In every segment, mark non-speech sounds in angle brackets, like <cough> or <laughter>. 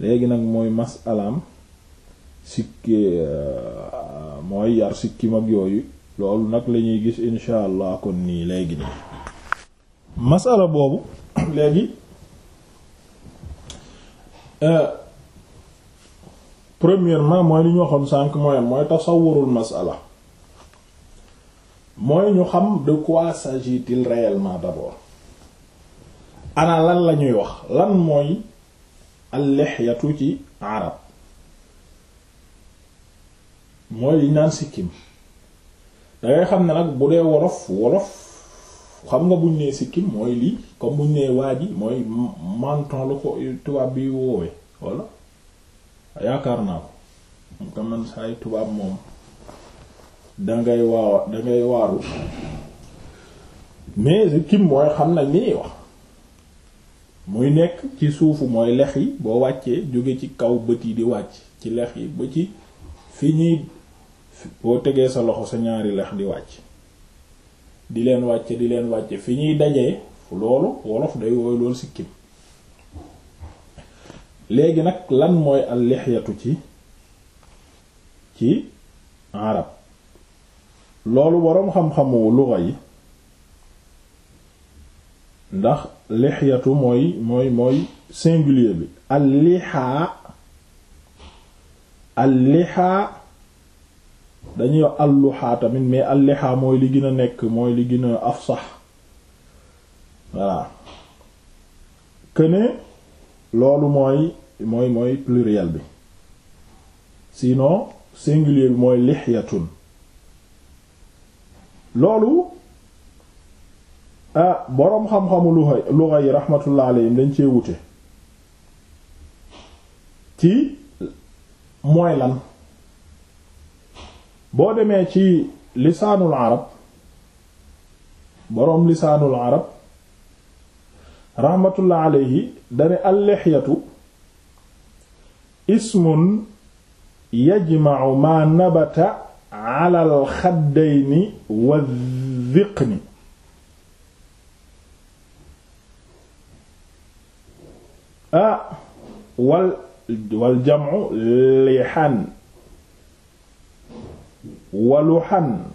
léegi nag mooy masalaam sikki euh, mooy yar sikkim ak yooyu loolu nag lañuy gis insha allah kon nii léegi nii masala boobu <clears throat> léegi euh, premièrement mooy li ñu waxoon sànq mooy mooy tasawurul masala mooy ñu xam de quoi s'agit-il réellement d'abord ana lan la ñuy wax lan mooy al-lixyatu ci arab mooy liñ naan sikkim dangay xam ne nag bu dee wolof wolof xam nga buñ nee sikkim mooy lii comme buñ nee waaj yi mooy menton la ko tubaab bi woowee walla yaakaar naa ko moom ka man saay tubaab moom dangay waawa dangay waaru mais sikkim mooy xam nañ li ñuy wax muy nekk ci suufu mooy lex yi boo wàccee jóge ci kaw bët yi di wàcc ci lex yi ba ci fi ñuy boo tegee sa loxo sa ñaari lex di wàcc di leen wàcc di leen wàcce fi ñuy dajee loolu wolof day wooy loolu sikkim léegi nag lan mooy al lixyatu ci ci arab loolu boroom xam-xamu luga yi ndax lixyatu mooy mooy mooy singulier bi allixaa allixaa dañuy wax alluxaa tamit mais allixaa mooy li gën a nekk mooy li gën a afsax voilà këne loolu mooy mooy mooy pluriel bi sino singulier bi mooy lixyatun loolu Ah, boroom xam-xamu luxa luxa yi rahmatullah alayhim dañ cee wute ci moy lan boo demee ci lisaanul arab boroom lisaanul arab rahmatullah alayhi dane al-lihyatu ismun yajma'u ma nabata ala al-khaddayni wa ah wal wal jam'u lihan waluhan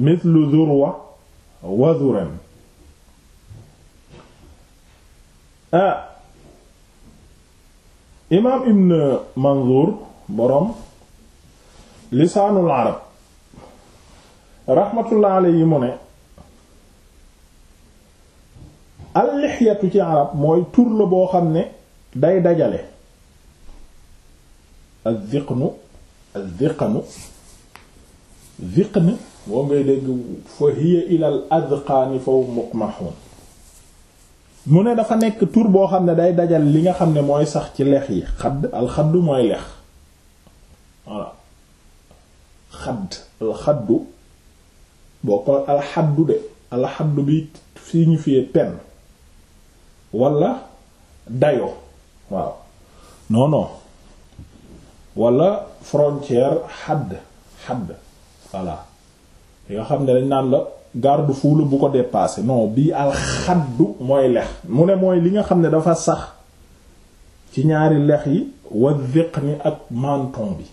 mithlu zurwa wa zuram ah imaam ibn manzur boroom lisaanul arab raxmatullah alayhi mu ne lixiyatu ci mooy tur la boo xam ne day dajale az-ziqnu az-ziqnu ziqn boo ngay dégg fa hiya ilal azqaani faw muqmahun mu ne dafa nekk tur boo xam ne day dajal li nga xam ne mooy sax ci lex yi xadd alxaddu mooy lex voilà xadd alxaddu boo ko alxaddu de alxaddu bi signifie pen wala dayo waaw non non wala frontière xadd xadd voilà yoo xam ne dañ naan la garde fou la bu ko dépasser non bi alxaddu mooy lex mu ne mooy li nga xam ne dafa sax ci ñaari lex yi wa ziqni ak manton bi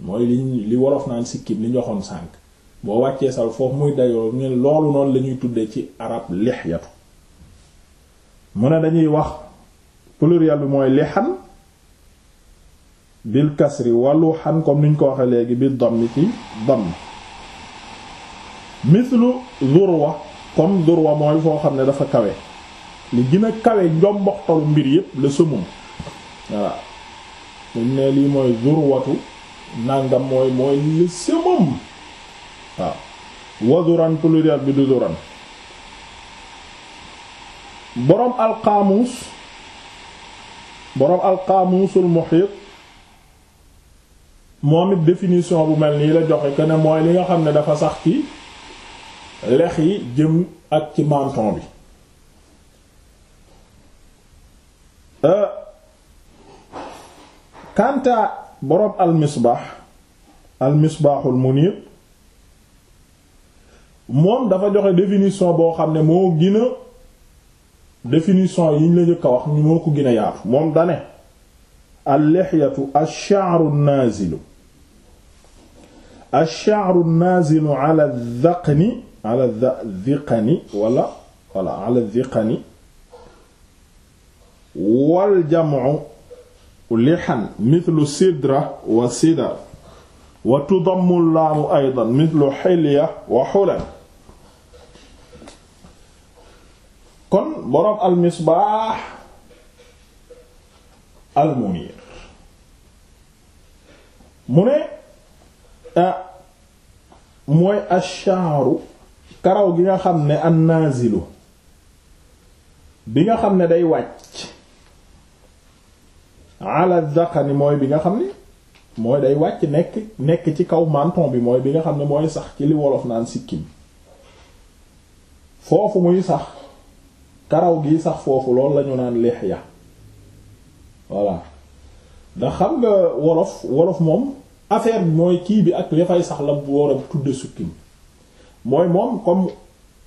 mooy li li wolof naan sikkim li njoxoon sànk boo wàccee sal foofu muy dayoo ñu loolu noonu lañuy tuddee ci arab lixyatu mu ne dañuy wax pluriel bi mooy lihan bil kasri wàllu xan comme niñ ko waxee léegi bi dammi ci damm mislu zurwa comme zurwa mooy foo xam ne dafa kawe li gën a kawe njomboxtalu mbir yépp le summum voilà dañ ne lii mooy zurwatu nàngam mooy mooy le summum waaw wazuran pluriel bi du zuran boroom alqaamuus boroom alqaamuusul muhiit moom it définition bu mel nii la joxe que mooy li nga xam ne dafa sax ci lex yi jëm ak ci menton bi kanta boroom almisbaax almisbaaxul munir moom dafa joxe définition boo xam ne moo gën a définition yi ñu la jëkk a wax ñu moo ko gën a yaatu moom dane al-lihyatu ash-sha'ru an-nazilu ash-sha'ru an-nazilu ala adh-dhaqni ala adh-dhiqani wala wala ala adh-dhiqani wal jam'u lihan mithlu sidra wa sidar wa tudammu al-laamu aydan mithlu hilya wa hulal kon boroom al misbaax al munir mu ne ah, mooy ashaaru karaw gi nga xam ne an nazilu bi nga xam ne day wàcc ala dhaqani mooy bi nga xam ne mooy day wàcc nekk nekk ci kaw menton bi mooy bi nga xam ne mooy sax ci li wolof naan sikkim foofu muy sax karaw gi sax foofu loolu lañu naan ya voilà ndax xam nga wolof wolof moom affaire bi mooy kii bi ak dafay sax la bu war a tudde sukkim mooy moom comme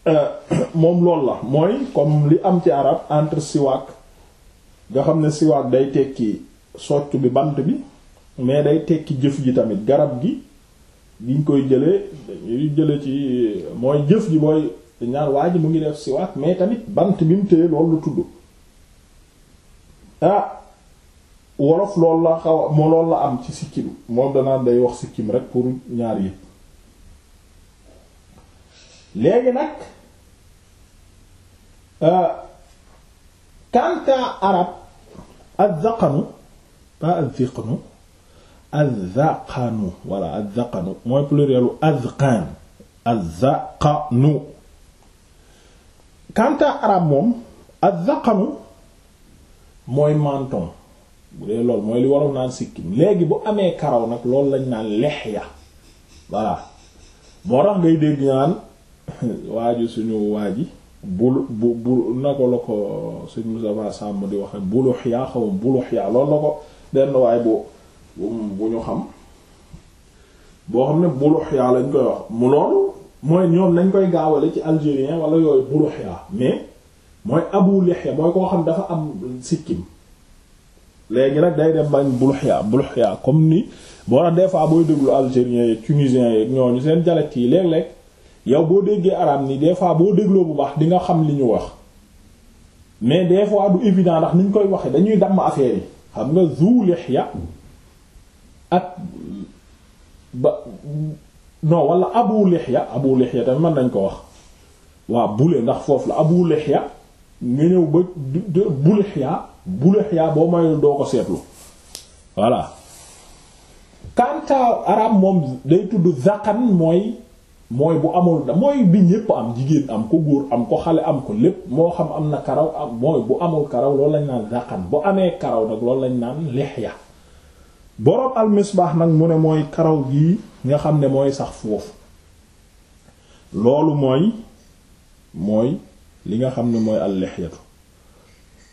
euh, <coughs> moom loolu la mooy comme li am ci arab entre siwaak nga xam ne siwaak day tekki socc bi bant bi mais day tekki jëf ji tamit garab gi giñ koy jëlee dañuy jële ci mooy jëf ji booy dañ naan waa ji mu ngi def siwaak mais tamit bant bi mu téye loolu tudd ah, wolof loolu la xaw a loolu la am ci sikkim moom danaan day wax sikkim rek pour ñaar yëpp léegi nag kanta ah, arab az-zaqanu pas az walla az mooy plurielu azqan kanta arab moom ak zaqanu mooy menton bu dee loolu mooy li waroon naan sikkim léegi bu amee karaw nag loolu lañ naan lexya voilà moo tax ngay dégg naan <laughs> waaju suñu waaji bulu bu bu nako la ko suñ Musaa Sàmm di waxe bulux yaa xawam bulux yaa loolu la ko benn waay bu bu ñu xam boo xam ne bulux yaa lañ koy mu loolu mooy ñoom nañ koy gaawale ci algérien wala yooyu buruxya mais mooy abu lihya mooy koo xam dafa am sikkim léegi nag day dem bañ buruxya buruxya comme ni boo tax des fois booy déglu algérien yeeg tunisien ñoo ñu seen dialecte yi léeg-léeg yow boo déggee arabe ni des fois boo dégloo bu baax di nga xam li ñu wax mais des fois du évident ndax niñ koy waxee dañuy damm affaire yi xam nga zu lihya ak ba. non wala abu lihya abu lihya tamit mën nañ ko wax waaw bule ndax foofu la abu lihya nga ba bu lihya bu boo mayul doo ko seetlu voilà kanta arab moom day tudd zaqan mooy mooy bu amul da mooy bi ñépp am jigéen am ko góor am ko xale am ko lépp moo xam am na karaw am mooy bu amul karaw loolu lañ naan zaqan bu amee karaw nag loolu lañ naan lexya boroom almisbaax nag mu ne mooy karaw gi nga xam ne mooy sax foofu loolu mooy mooy li nga xam ne mooy al-lihyatu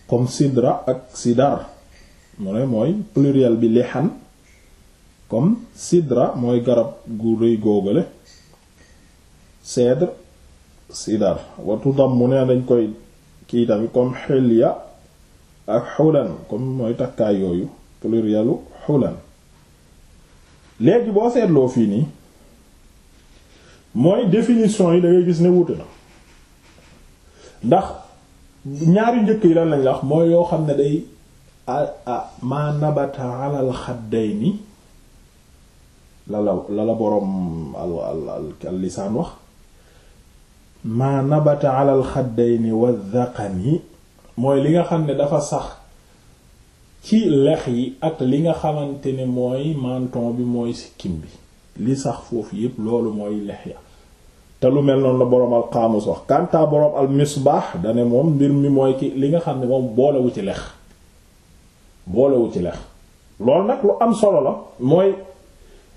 comme sidra ak sidar mu ne mooy pluriel bi lihan comme sidra mooy garab gu rëy góogale cèdre sidar watu dam mu ne dañ koy kii tamit comme xilya ak xulan comme mooy takkaay yooyu plurielu xulan léegi boo seetloo fii nii mooy définition yi da gis ne wuute na ndax ñaari njëkk yi lan lañ wax mooy yoo xam ne day ma nabata alal xaddayni la la la la boroom al lisaan wax ma nabata alal xaddayni wa dhaqani mooy li nga xam ne dafa sax ci lex yi ak li nga xamante ne mooy manton bi mooy sikkim bi li sax foofu yépp loolu mooy lex ya te lu mel noonu la boroom al xaamus wax kàntaa boroom al misbaax dane moom mbir mi mooy ki li nga xam ne moom boolewu ci lex boolewu ci lex nag lu am solo la mooy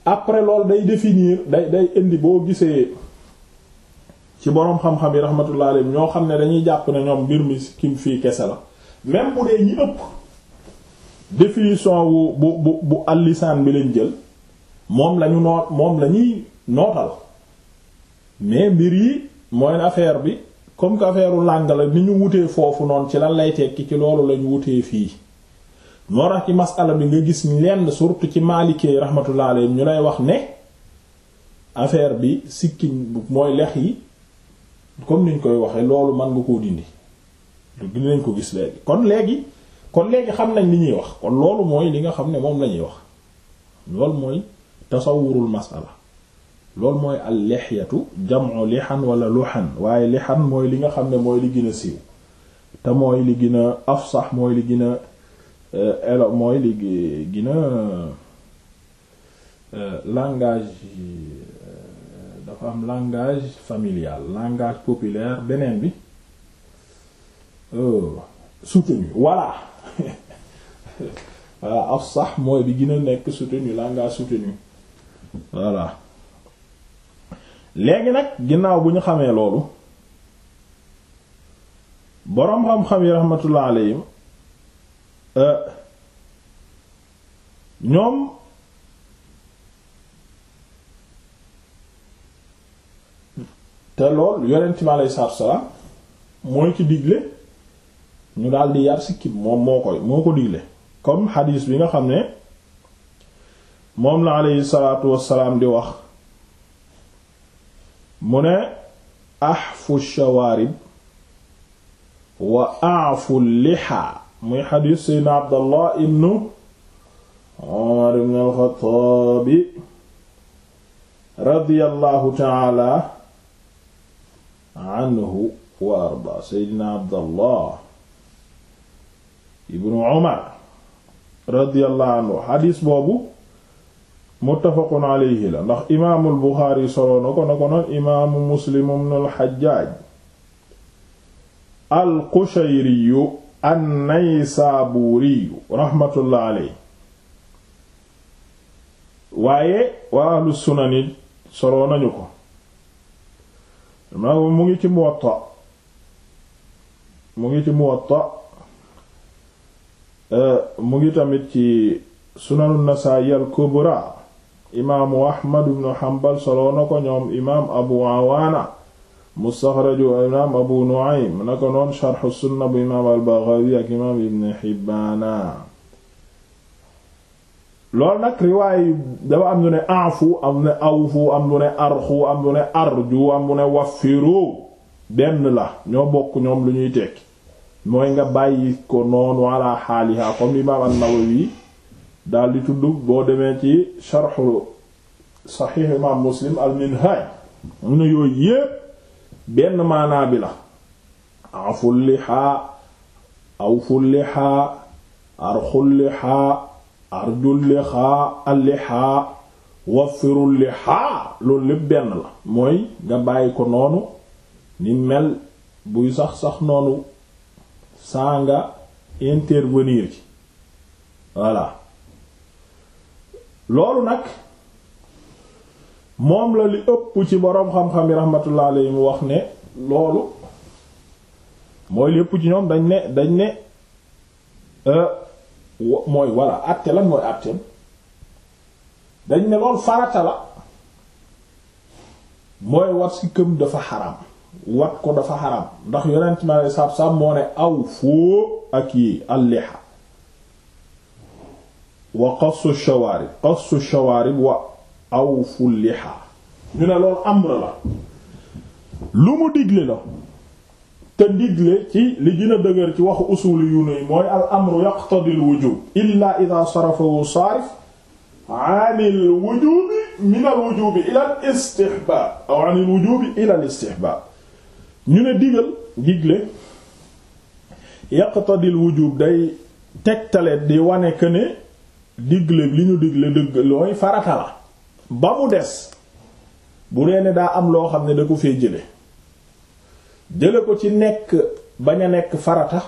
après loolu day définir day day indi boo gisee ci boroom xam-xam yi rahmatullah alayhi ñoo xam ne dañuy jàpp ne ñoom mbir mi sikkim fii kese la même bu dee ñi ëpp définition wu bu bu bu allisaan bi lañ jël moom lañu noot moom la nootal mais mbir yi mooy affaire bi comme que affaire u làng la ni ñu wutee foofu noonu ci lan lay tekki ci loolu lañu wutee fii moo tax ci masala bi nga gis lenn surtout ci maalikee rahmatullah ñu lay wax ne affaire bi sikkin mooy lex yi comme niñ koy waxee loolu mën nga koo dindi dinañ ko gis léegi kon léegi kon léegi xam nañ li ñuy wax kon loolu mooy li nga xam ne moom la ñuy wax loolu mooy tasawurul masala loolu mooy al lixyatu jam'u lixan wala luxan waaye lixan mooy li nga xam ne mooy li gën a siiw te mooy li gën a afsax mooy li gën a elo euh, mooy li gën a euh, langage euh, dafa am langage familial langage populaire beneen bi soutenu voilà <laughs> voilà af sax mooy bi gën a nekk soutenu langage soutenu voilà léegi nag ginnaaw bu ñu xamee loolu boroom xam-xam yi rahmatullah alayhim euh, ñoom te lool yonent mi alayhi salaatu wa mooy ci digle ñu daal di yar sikkim moom moo koy moo ko digle comme xadiis bi nga xam ne moom la aleyhi salaatu wassalaam di wax mu ne ahfu shawarib wa aafu liha muy xadiis seydna abdallah ibnu omar ibn alxataabi radiallahu taala anhu wa arda ibnu umar radiyallahu anhu xadiis boobu muttafaqun alayhi la ndax imaamul buxaari soloo na ko na ko noon imaamu muslim ibnul xajjaaj al qushayriyu an naysaabuuriyu raxmatullah alayhi waaye waa ahlu sunani soloo nañu ko mu ngi ci muwatta mu ngi ci muwatta Euh, mu ngi tamit ci sunanu nasaa'i al kubra imaamu ahmad ibnu hanbal soloo na ko ñoom imaam abu awaana mustaxraju abu nu'aym na noon sharxu sunna bu imaam al ak imaam ibn hibbaana loolu nag riwaay dafa am ñu ne afu am ne awfu am ñu ne arxu am ñu ne arju benn la ñoo bokk ñoom lu ñuy tekki mooy nga bàyyi ko noonu ala xaaliha comme imaam an-Nawawi daal di tudd boo demee ci sharxu saxiix imaam Muslim al-Minhaaj mu ne yooyu yépp benn maanaa bi la aful lihaa awful lihaa arxul lihaa arjul lihaa allihaa lihaa loolu lépp benn la mooy nga bàyyi ko noonu ni mel buy sax sax noonu saa nga intervenir ci voilà loolu nag moom la li ëpp ci boroom xam-xam yi rahmatullah alayhi mu wax ne loolu mooy li ëpp ci ñoom dañ ne dañ ne euh, mooy voilà àtte lan mooy àtteem dañ ne loolu farata la mooy war si këm dafa xaram wat ko dafa xaram ndax yonent ma ne saab-saab moo ne aw alliha wa qassu shawarib shawarib wa aw fu liha ñu ne la lu mu digle la te digle ci li gën a ci waxu usuli yu nuy mooy al yaqtadi al wujub illa ida sarafahu saarif an al wujubi min al wujubi ila al istihbab ñu ne digal digle yaqtadil wujub day tegtale di wane que ne digle li ñu digle dëgg looy farata la ba mu des bu dee ne daa am loo xam ne da ko fee jële jële ko ci nekk bañ a nekk farata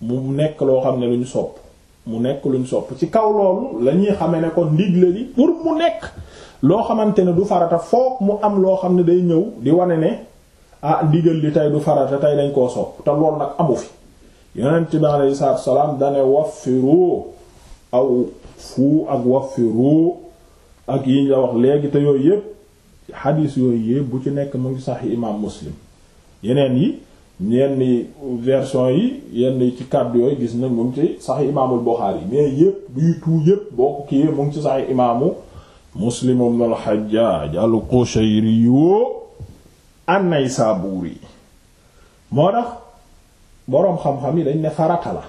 mu nekk loo xam ne lu ñu sopp mu nekk luñ sopp ci kaw loolu la ñuy xamee ne kon ndigle li pour mu nekk loo xamante ne du farata foog mu am loo xam ne day ñëw di wane ne ah ndigal li tey du farata tey dañ koo sopp te lool nag amu fi yonent bi alayhi salaatu salaam dane waffiru aw fuu ak waffiru ak yiñ la wax léegi te yooyu ci xadiis yooyu yépp bu ci nekk mu ngi sax imaam muslim yeneen yi yenn version yi yenn ci kàddu yooyu gis na mu sax imaamul Buxaari mais yépp buy tuu ci sax imaamu muslim ibn al-Hajjaj al an-Naysaburi moo tax boroom xam-xam yi dañ ne farata la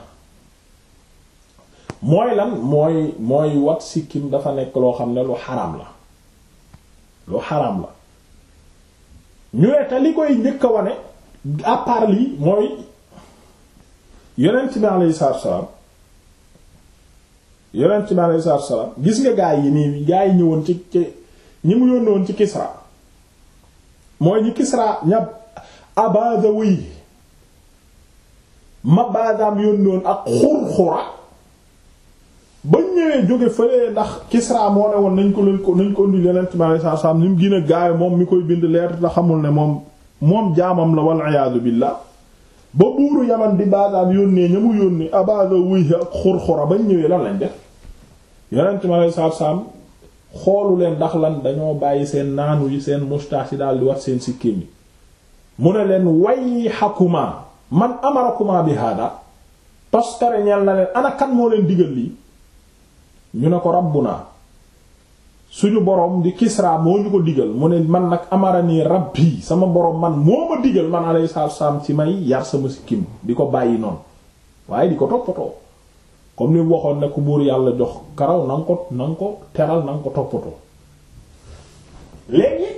mooy lan mooy mooy wat sikkim dafa nekk loo xam ne lu xaraam la lu xaraam la ñu ne li koy njëkk wane à lii mooy yonent bi alayhi salaatu wa salaam yonent bi alayhi salaatu gis nga gaay yi nii gaay yi ñëwoon ci ci ñi mu ci Kisra mooy ñi Kisra ñab Abadawi Mabadaam yónnoon ak Xurxura ba ñëwee jóge fële ndax Kisra moo ne woon nañ ko leen ko nañ ko indi yeneen ciment yi sax ni mu gën a gaawe moom mi koy bind leer la xamul ne moom moom jaamam la wal iyaadu billaah ba buuru Yaman di Badaam yónnee ña mu yónnee Abadawi ak Xurxura ba ñëwee lan lañ def yeneen ciment yi sax xoolu leen ndax lan dañoo bàyyi seen naanu yi seen moustache yi daal di wat seen sikkim yi mu ne leen way xakuma man amarakuma bi hada toskare ñeel na leen ana kan moo leen digal lii ñu ne ko rabbuna suñu boroom di Kisra moo ñu ko digal mu ne man nag amara nii rabbi sama boroom man moo ma digal man alayhi salaam ci may yar sama sikkim di ko bàyyi noonu waaye di ko toppatoo comme li waxoon ne ko buur yàlla jox karaw na ko na nga ko teral na ko toppatoo léegi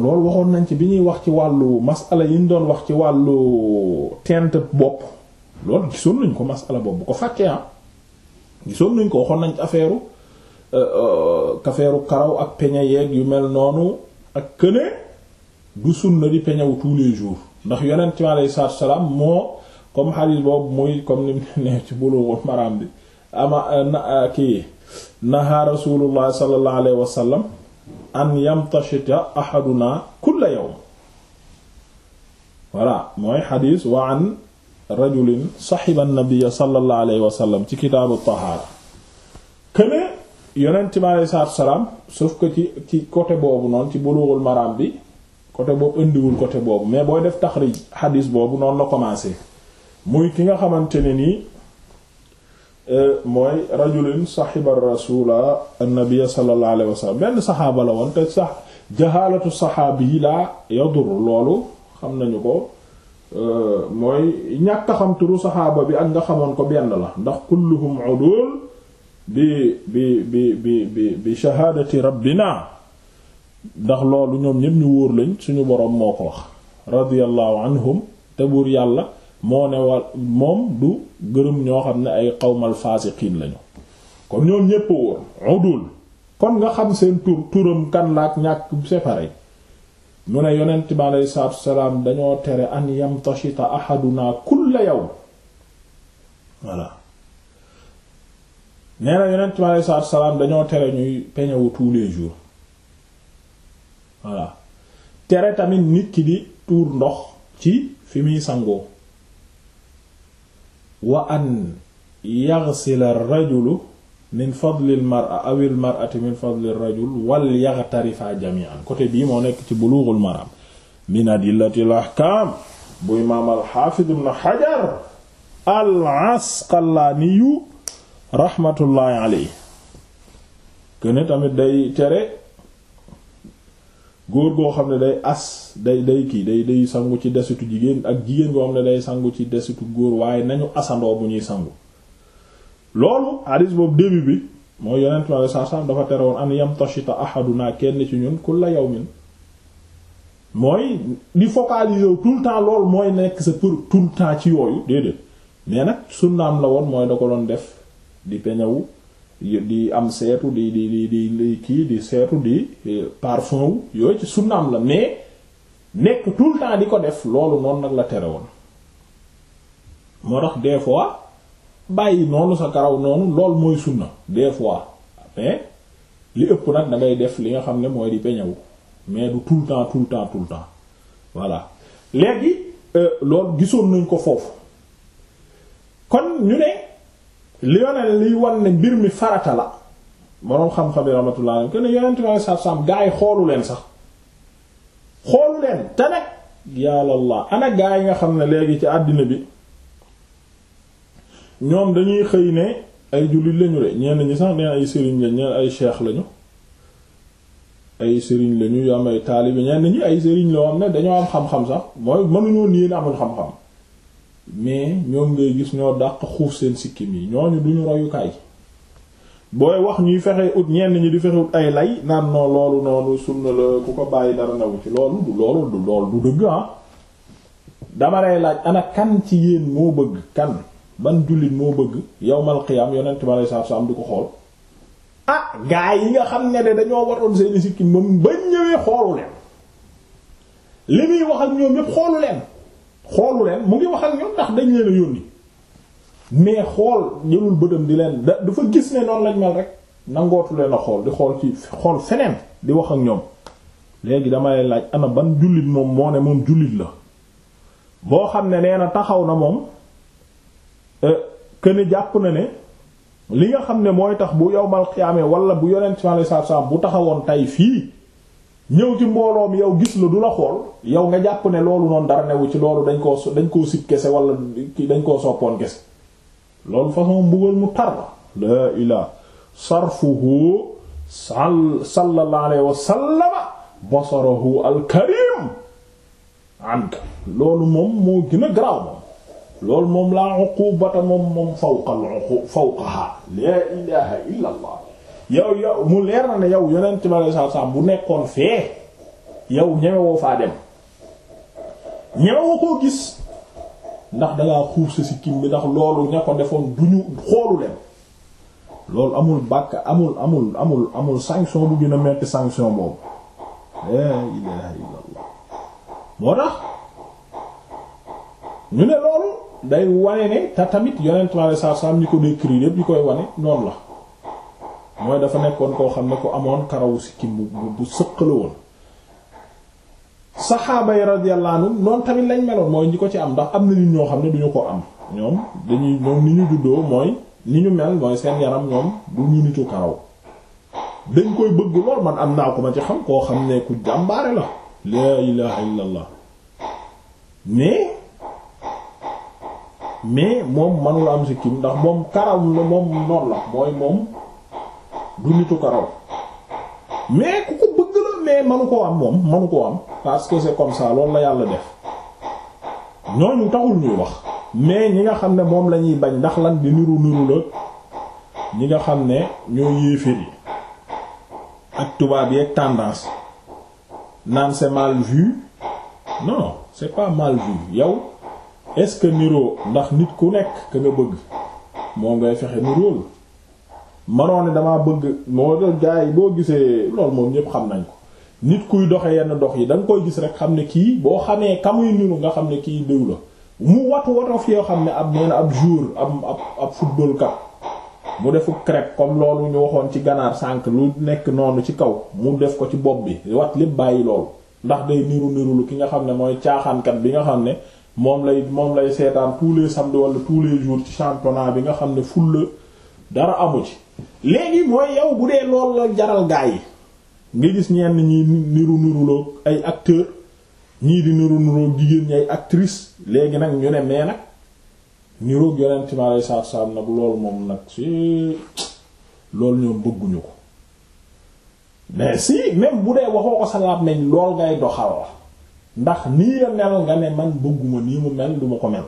loolu waxoon nañ ci bi ñuy wax ci wàllu masala yi ñu doon wax ci wàllu teint bopp loolu gisoon nañ ko masala bopp bu ko fàttee ah gisoon nañ ko waxoon nañ ci affaire euh, euh, affaire karaw ak peña yeeg yu mel noonu ak këne du sunna di peñawu tous les ndax yonent mi alayhi salaatu salaam moo comme xadis boobu muy comme ni <laughs> ne ci bulughul maram bi ama eh, na eh, kii naha rasulullah sallallahu alayhi wa sallam an yamtashita ahaduna kulla yawm voilà mooy xadis wa an rajulin saxiba nabiyya sallallahu alayhi wa sallam ci kitaabu tahaara këne yonent mi salaam sauf que ci ci côté boobu noonu ci bulughul maram bi côté boobu indiwul côté boobu mais booy def taxrij xadis boobu noonu la commencé muy ki nga xamante ne nii euh, mooy rajulin saxiba rasula annabia sallallahu alayhi wa sallam benn saxaaba la woon te sax jahalatu saxaabi yi laa yadur loolu xam nañu ko euh, mooy ñàkk xamturu turu saxaaba bi ak nga xamoon ko benn la ndax kulluhum udul bi bi bi bi bi bi shahaadati rabbina ndax loolu ñoom ñépp ñu wóor lañ suñu boroom moo ko wax radiyallahu anhum te buur yàlla moo ne wa moom du gërëm ñoo xam ne ay xawmal faasiqiin lañu kon ñoom ñépp woon udul kon nga xam seen tur turam kan laak ñàkk séparé mu ne yonent bi aleyhi salaatu wasalaam dañoo tere an yamtashita ahaduna kulla yawm yonent bi dañoo tere ñuy peñewu tous les jours voilà tere tamit nit ki di tuur ndox ci fi muy sangoo wa an yaxsila rajulu min fadlil mara awil marati min fadlil rajul wal yaxtarifa jamian côté bii moo nekk ci bulughul maram min adillatil ahkam bu imaam alxaafid ibn xajar al asqalaaniyu rahmatullahi aley këne tamit day tere góor goo xam ne day as day day kii day day sangu ci desitu jigéen ak jigéen goo xam ne day sangu ci desitu góor waaye nañu asandoo bu ñuy sangu loolu hadis boobu début bi mooy yonent ma saa saa dafa tere woon an yamtashita ahaduna kenn ci ñun kulla yawmin mooy di focaliser wu le temps loolu mooy nekk sa pour tout le temps ci yooyu déedéet mais nag sunnaam la woon mooy da ko doon def di peñawu di am seetu di di di di kii di seetu di parfum wu yooyu ci sunnaam la mais nekk tout le temps di ko def loolu noonu nag la tere woon moo tax des fois bàyyi noonu sa karaw noonu loolu mooy sunna des fois mais li ëpp nag dangay def li nga xam ne mooy di peñaw mais du tout le temps tout le temps tout temps voilà léegi euh, loolu gisoon nañ ko foofu kon ñu ne li yoneen liy wan ne mbir mi farata la boroom xam-xam yi rahmatullah alayhi ne yonent bi alayhi salaam yi xoolu leen sax xoolu leen te nag yàlla la ana yi nga xam ne léegi ci àddina bi ñoom dañuy xëy ne ay jullit lañu de ñenn ñi sax neen ay sëriñ lañ ñeen ay cheikh lañu ay sëriñ lañu yu am ay taalibe ñenn ñi ay sëriñ la am ne dañoo am xam-xam sax mooy mënuñoo nii amul xam-xam mais ñoom ngay gis ñoo dàq xuuf seen sikkim yi ñooñu duñu royukaay booy wax ñuy fexe ut ñenn ñi di fexe ut ay lay naan non loolu noonu sunna la ku ko bàyyi dara nawu ci loolu du loolu du loolu du dëgg ah dama lay laaj a kan ci yéen moo bëgg kan ban jullit moo bëgg yawmal qiyaam yonent ma lay saaf saam di ko xool ah gaa yi nga xam ne de dañoo waroon seeni sikkim moom ba ñëwee xoolu leen li muy wax ñoom yépp xoolu leen xoolu leen mu ngi wax ak ñoom ndax dañ leen a yónni mais xool jëlul bëtam di leen da dafa gis ne noonu lañ mel rek nangootu leen a xool di xool ci xool feneen di wax ak ñoom léegi dama laaj ana ban jullit moom moo ne moom jullit la boo xam ne nee na taxaw na moom këne euh, jàpp na ne li nga xam ne mooy tax bu yowmal xiyaamee wala bu yonent sallallahu alayhi wasallam bu taxawoon tey fii ñëw ci mbooloo mi yow gis la du la xool yow nga jàpp ne loolu noon dara newu ci loolu dañ koo dañ koo sib kese wala dañ koo soppoon kese loolu façon mbugal mu tar la laa ilaa sarfuhu sallallahu alayhi wa sallama basarahu anka loolu moom moo gën a garaaw moom loolu moom laa uqubata moom moom fawqa al uqu fawqaha laa ilaha illa allah yow yow mu leer na ne yow yeneen bi sallallahu alayhi wasallam bu nekkoon fee yow woo faa dem ñemewoo koo gis ndax dangaa xuuf sa sikkim bi ndax loolu ña defoon du ñu xoolu leen loolu amul bàkk amul amul amul amul sanction bu gën a metti sanction boobu moo tax ñu ne loolu day wane ne te tamit yonent bi sallallahu alayhi wasallam ñi ko décrire yépp ñi koy wane noonu la mooy dafa nekkoon koo xam ne ku amoon karawu sikkim bu bu sëq la woon saxaaba yi radiyallahu anhum noonu tamit lañ meloon mooy ñi ko ci am ndax am na nit ñoo xam ne duñu ko am ñoom dañuy ñoom ni ñu juddoo mooy ni ñu mel mooy seen yaram ñoom du ñu nitu karaw dañ koy bëgg lool man am naa ko ma ci xam koo xam ne ku jàmbaare la laa ilaha illallah mais mais moom manula am sikkim ndax moom karaw la moom noonu la mooy moom du nitu ko raw mais ku ko bëgg la mais manu koo am moom manu koo am parce que c'est comme ça la yàlla def ñooñu taxul ñuy wax mais ñi nga xam ne moom lañuy bañ ndax lan di niru niru la ñi nga xam ne ñoo yéeféer yi ak tubaab yi ak tendance naan c'est mal vu non c'est pas mal yow est-ce que niroo ndax nit ku nekk ka nga bëgg moo ngay fexe niroolu manoo ne damaa bëgg moo tax gars boo gisee loolu moom ñépp xam nañ ko nit kuy doxe yenn dox yi da nga koy gis rek xam ne kii boo xamee kamuy niru nga xam ne kii diw la mu yoo xam ne ab nee na ab jour ab ab ab football mu defu crêpe comme loolu ñu waxoon ci ganaar sànq lu nekk noonu ci kaw mu def ko ci bopp bi wat lépp bàyyi loolu ndax day niru niru ki nga xam ne mooy caaxaankat bi nga xam ne moom lay moom lay seetaan tous les samedis wala tous les jours championnat bi nga xam ne fulla dara amu ci léegi mooy yow bu dee lool la jaral gaa yi nga gis ñenn ñi niru niruloog ay acteur ñii di niru niruloog jigéen ñi ay léegi nag ñu ne mais nag niroog yonent mi aleyhi salaatu nag loolu moom nag si loolu ñoom bëgguñu ko mais si même bu dee waxoo ko salaat nañ lool ngay doxal la ndax nii la mel nga ne man bëgguma nii mu mel du ko mel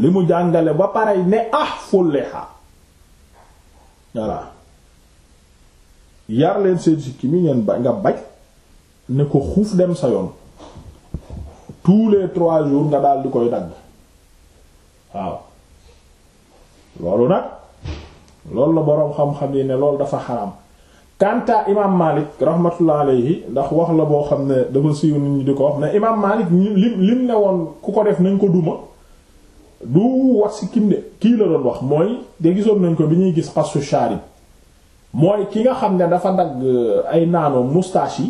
li mu jàngale ba pare ne ah fulliha voilà yar leen seen sikki mi ngeen ba nga bañ ne ko xuuf dem sa yoon tous les trois jours nga daal di koy dagg waaw loolu nag loolu la boroom xam-xam yi ne loolu dafa xaram kanta imam malik rahmatullah yi ndax wax la boo xam ne dafa siiw nit ñi di ko wax ne imam malik lim lim ne woon ku ko def nañ ko duma du wax si kim kii la doon wax mooy de gisoon nañ ko bi ñuy gis xasu sharib mooy ki nga xam ne dafa dagg euh, ay naanoom moustache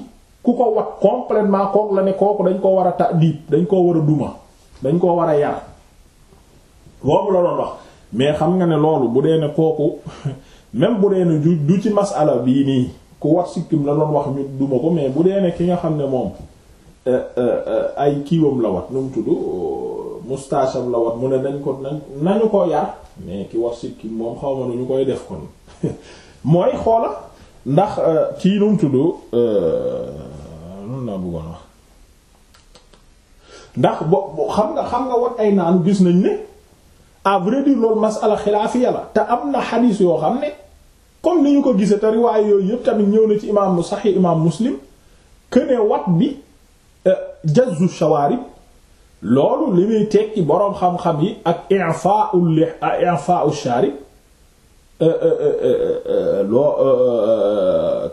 ku ko wat complètement kook la ne kooku dañ koo war a ta'dib dañ koo war a duma dañ koo war a yar boobu la doon wax mais xam nga ne loolu bu dee ne kooku <laughs> même bu dee ne du du ci masala bii nii ku wat sikkim la doon wax ñu duma ko mais bu dee ne ki nga xam ne moom euh, euh, ay kiiwam la wat nu mu tudd mustaasam la wat mu ne nañ ko nañu ko yar mais ki wax sikki moom xaw ma nu ñu koy def kon <laughs> mooy xoola ndax euh, kii nu mu tudd noonu euh, laa bëggoon wax ndax bo xam nga xam nga wat ay naan gis nañ ne à vrai loolu masala xilaafiya la te am na xadiis yoo xam ne comme ni ñu ko gisee te riwaay yooyu yëpp tamit ñëw na ci imaamu saxi imaam muslim que ne wat bi euh, jazzu shawarib loolu li muy tekki boroom xam-xam yi ak i'fa'ul li i'fa'u sharib euh, euh, euh,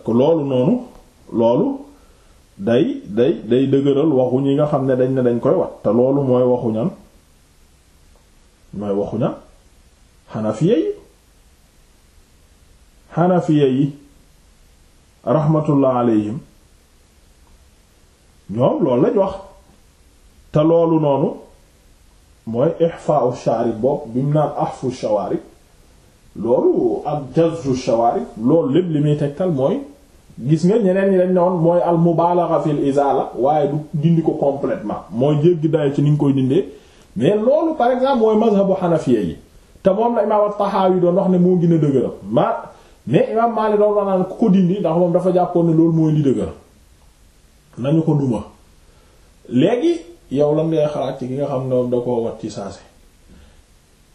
loolu noonu loolu day day day dëgëral waxu ñi nga xam ne dañ ne dañ koy wat te loolu mooy waxu ñan mooy waxu ñan xanafiya yi xanafiya yi raxmatullah alayhim ñoom loolu lañ wax te loolu noonu mooy ihfaa'u shaarib boobu bi mu naan ahfu shawaarib loolu ak jazzu shawaarib loolu lépp li muy tegtal mooy gis nga ñeneen ñi dañ ne mooy al mubalagha fil izala waaye du dindi ko complètement mooy jéggi dayo ci ni nga koy dindee mais loolu par exemple mooy mazhabu xanafiya yi te moom la imaam at-Tahawi doon wax ne moo gën a dëgëra ma mais imaam Maalik doon wax naan ku ko dindi ndax moom dafa jàppoon ne loolu mooy li dëgër nañu ko duma léegi yow lan ngay xalaat ci ki nga xam ne da koo wat ci saase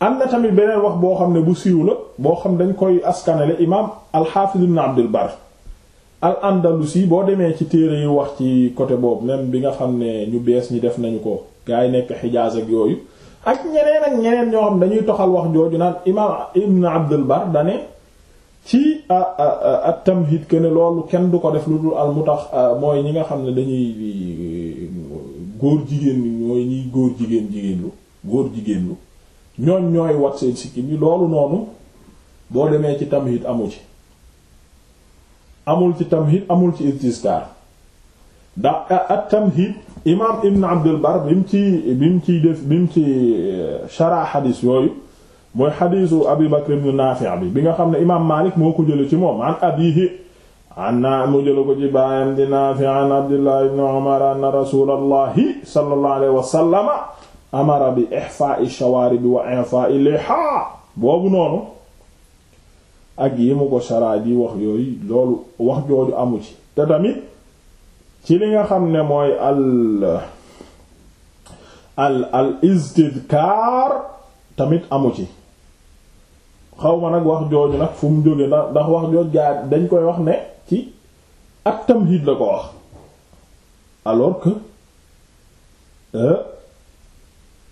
am na tamit beneen wax boo xam ne bu siiw la boo xam dañ koy askanale imaam alxaafiz ibn abdul bar al andalusi boo demee ci téere yu wax ci côté boobu même bi nga xam ne ñu bees ñi def nañu ko gaa yi nekk xijaaz ak yooyu ak ñeneen ak ñeneen ñoo xam dañuy toxal wax jooju naan imaam ibn abdul bar dane ci at tamhid que ne loolu kenn du ko def lu dul al tax mooy ñi nga xam ne dañuy góor jigéen ñi ñooy ñiy góor jigéen jigéen lu góor jigéen lu ñooñ ñooy wat seen sikkim yi loolu noonu boo demee ci tamhid amu ci amul ci tamhid amul ci istiskaar ndax ak tamhid imaam ibn abdul bar bi mu ci bi mu ciy def bi mu ci eh, sharaa xadiis yooyu mooy xadiisu abi bakr ibn naafi' bi bi nga xam ne imaam maalik moo ko jële ci moom an abiihi anna mu jëla ko ci baayam di Naafi an Abdullah ibn Umar anna rasulallahi sallallahu alayhi wa sallama amara bi ihfa'i shawarib wa infa'i boobu noonu ak yi mu ko sharaaj yi wax yooyu loolu wax jooju amu ci te tamit ci li nga xam ne mooy al al al istidkaar tamit amu ci xaw ma nag wax jooju nag fu mu jóge ndax wax jooj gaa dañ koy wax ne ci ak tamhid la ko wax alors que euh,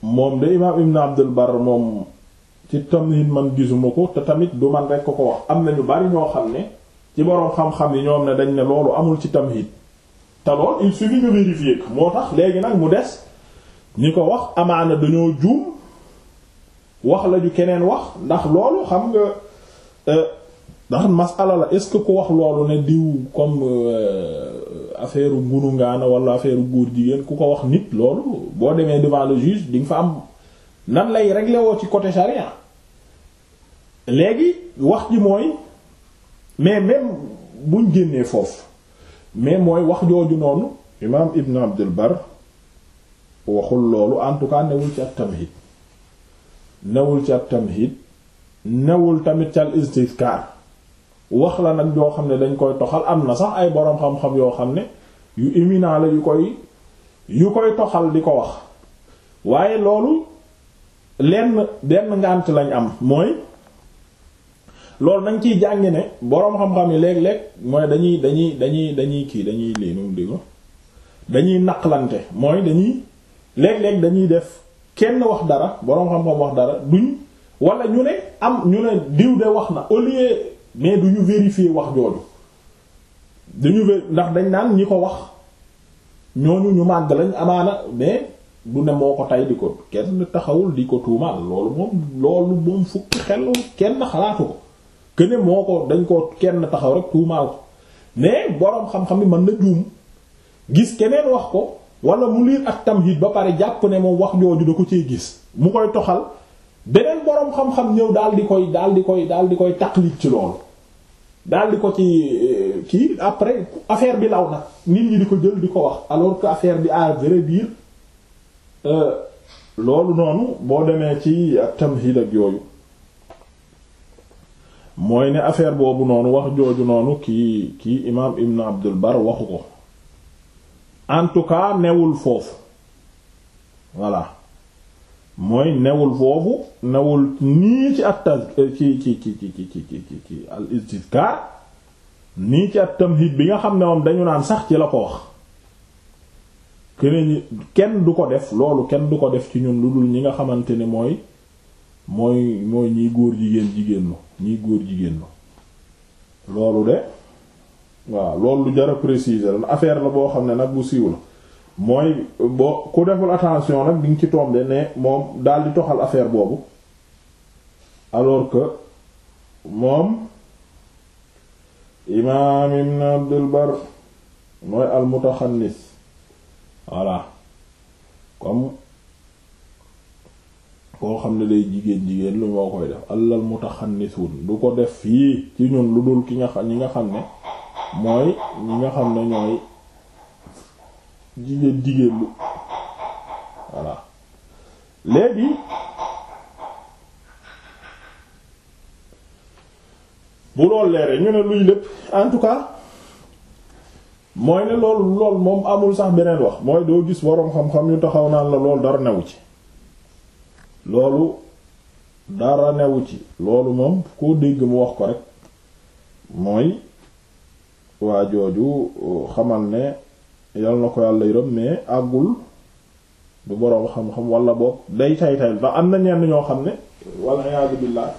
moom de imaam ibn abdul bar moom ci tamhid man gisuma ko te tamit du man rekk ko ko wax am na ñu bari ñoo xam ne ci boroom xam-xam yi ñoom ne dañ ne loolu amul ci tamhid te lool il suffit nga vérifier ko moo tax léegi nag mu des ñi ko wax amaana dañoo juum wax la keneen wax ndax loolu xam nga euh, ndax masala la est-ce que ku wax loolu ne diw comme euh, affaire ngunu ngaana wala affaire góor jigéen ku ko wax nit loolu boo demee devant le juge nga fa am nan lay régler woo ci côté charia léegi wax ji mooy mais même buñ génnee foofu mais mooy wax jooju noonu imaam Ibn Abdul Bar waxul loolu en tout cas newul ci at tamhid newul ci at tamhid newul tamit ci al istizkar wax la nag yoo xam ne dañ koy toxal am na sax ay boroom xam-xam yoo xam ne yu éminent la yu koy yu koy toxal di ko wax waaye loolu lenn benn ngànt lañ am mooy loolu nañ ciy jàngi ne boroom xam-xam yi léeg-léeg mooy dañuy dañuy dañuy dañuy kii dañuy lii nu di ko dañuy naqlante mooy dañuy léeg-léeg dañuy def kenn wax dara boroom xam-xam wax dara duñ wala ñu ne am ñu ne diw de wax na au lieu mais du ñu vérifier wax jooju dañu ver ndax dañ naan ñi ko wax ñooñu ñu màgg lañ amaana mais du ne moo ko tay di ko kenn taxawul di ko tuumaal loolu moom loolu moom fukki xel kenn xalaatu ko que ne moo ko dañ ko kenn taxaw rek tuumaal ko mais boroom xam-xam ni mën na juum gis keneen wax ko wala mu liir ak tamhid ba pare jàpp ne moom wax jooju da ko cee gis mu koy toxal beneen boroom xam-xam ñëw daal di koy daal di koy daal di koy taqlid ci loolu daal ko ci eh, kii après affaire bi law nag nit ñi di ko jël di ko wax alors que affaire bi à vrai dire euh, loolu noonu boo demee ci ak tamhid ak mooy ne affaire boobu noonu wax jooju noonu kii kii imaam Ibn Abdul Bar waxu ko en tout cas newul foofu voilà mooy newul boobu newul nii ci at eh, ci ci ci ci ci ci ci ci al istizkaar nii ci at tamhid bi nga xam ne moom dañu naan sax ci la ko wax keneen kenn du ko def loolu kenn du ko def ci ñun lu dul ñi nga xamante ni mooy mooy mooy ñiy góor jigéen jigéen lu ñiy góor jigéen lu loolu de waaw loolu lu jar a préciser la affaire la boo xam ne nag bu siiw la mooy boo ku deful attention nag di nga ci tombe ne moom daal di toxal affaire boobu alors que moom imaam ibn abdul bar mooy al mutaxannis voilà comme koo xam ne day jigéen jigéen lu moo koy def allal mutaxannisuun du ko def fii ci ñun lu dul ki nga xam ñi nga xam ne mooy ñi nga xam ne ñooy jigéen jigéen lu voilà léegi bu loolu leere ñu ne luy lépp en tout cas mooy ne loolu lool moom amul sax beneen wax mooy doo gis boroom xam-xam yu taxaw naan la loolu dara newu ci loolu dara newu ci loolu moom koo dégg mu wax ko rek mooy waa jooju xamal ne yal na ko yàlla yërëm mais àggul du boroom xam-xam wala boog day tay tay ndax am na ñenn ñoo xam ne wala iyaadu billaah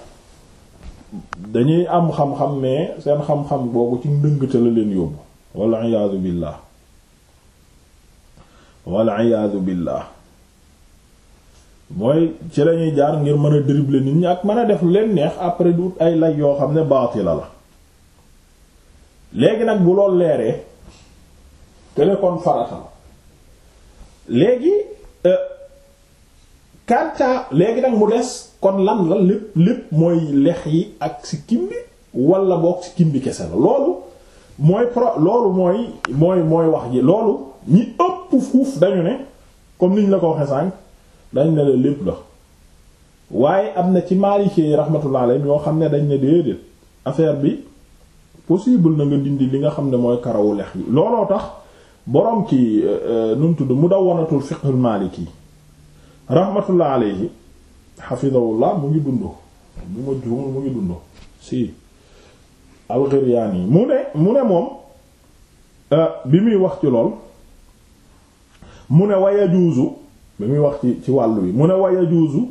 dañuy am xam-xam mais seen xam-xam boobu ci ndëngte la leen yóbbu wala iyaadu billaah wala iyaadu billaah mooy ci lañuy jaar ngir mën a dribbler nit ñi mën a def lu leen neex après du ay lay yoo xam ne baatila la léegi nag bu lool leeree téléphone farata léegi euh, karta léegi nag mu des kon lan la lépp lépp mooy lex yi ak si kimbi wala boog si kimbi kese la loolu mooy pro loolu mooy mooy mooy wax ji loolu ñi ëpp fuuf dañu ne comme niñ la ko waxee sànq dañ la lépp la waaye am na ci Maliki yi rahmatullah alayhi ñoo xam ne dañ ne déedéet affaire bi possible na nga dindi li nga xam ne mooy karawu lex yi looloo tax boroom ki eh, eh, nu mu tudd Mudawwanatul Fiqhul Maliki rahmatullah alayhi hafidahullah mu ngi dund bu ma juumul mu ngi dund si Algiryaani mu ne mu ne moom eh, bi muy wax ci lool mu ne wa yajuuzu bi muy wax ci ci wàll wi mu ne wa yajuuzu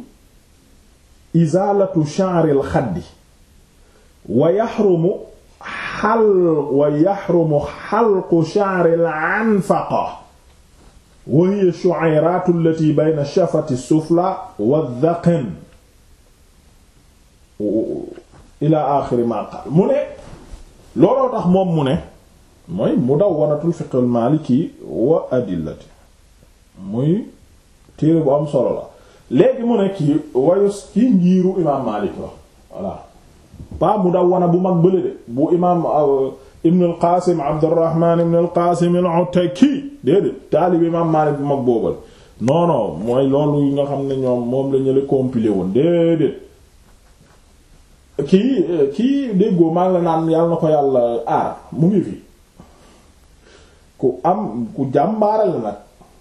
izaalatu sha'ril xaddi wa yaxrumu xal wa yaxrumu xalqu sha'ri al-anfaqa wa hiya shu'ayratu allati bayna shafati sufla wa dhaqn ila axiri ma qaal mu ne looloo tax moom mu ne mooy mudawwanatul fiqh al-maliki wa adillati muy téere bu am solo la léegi mu ne kii wayus kii ngiiru imaam Maalik la voilà mu mudawwana bu mag bële de bu imaam euh, ibn al qasim abdurrahman ibn al qasim al utaki déedéet taalib imaam maalik bu mag boobal non mooy loolu yi nga xam ne ñoom moom la ñu la woon déedéet kii kii déggoo maa ngi naan yàlla na ko yàlla aar mu ngi fi ku am ku jàmbaarale nag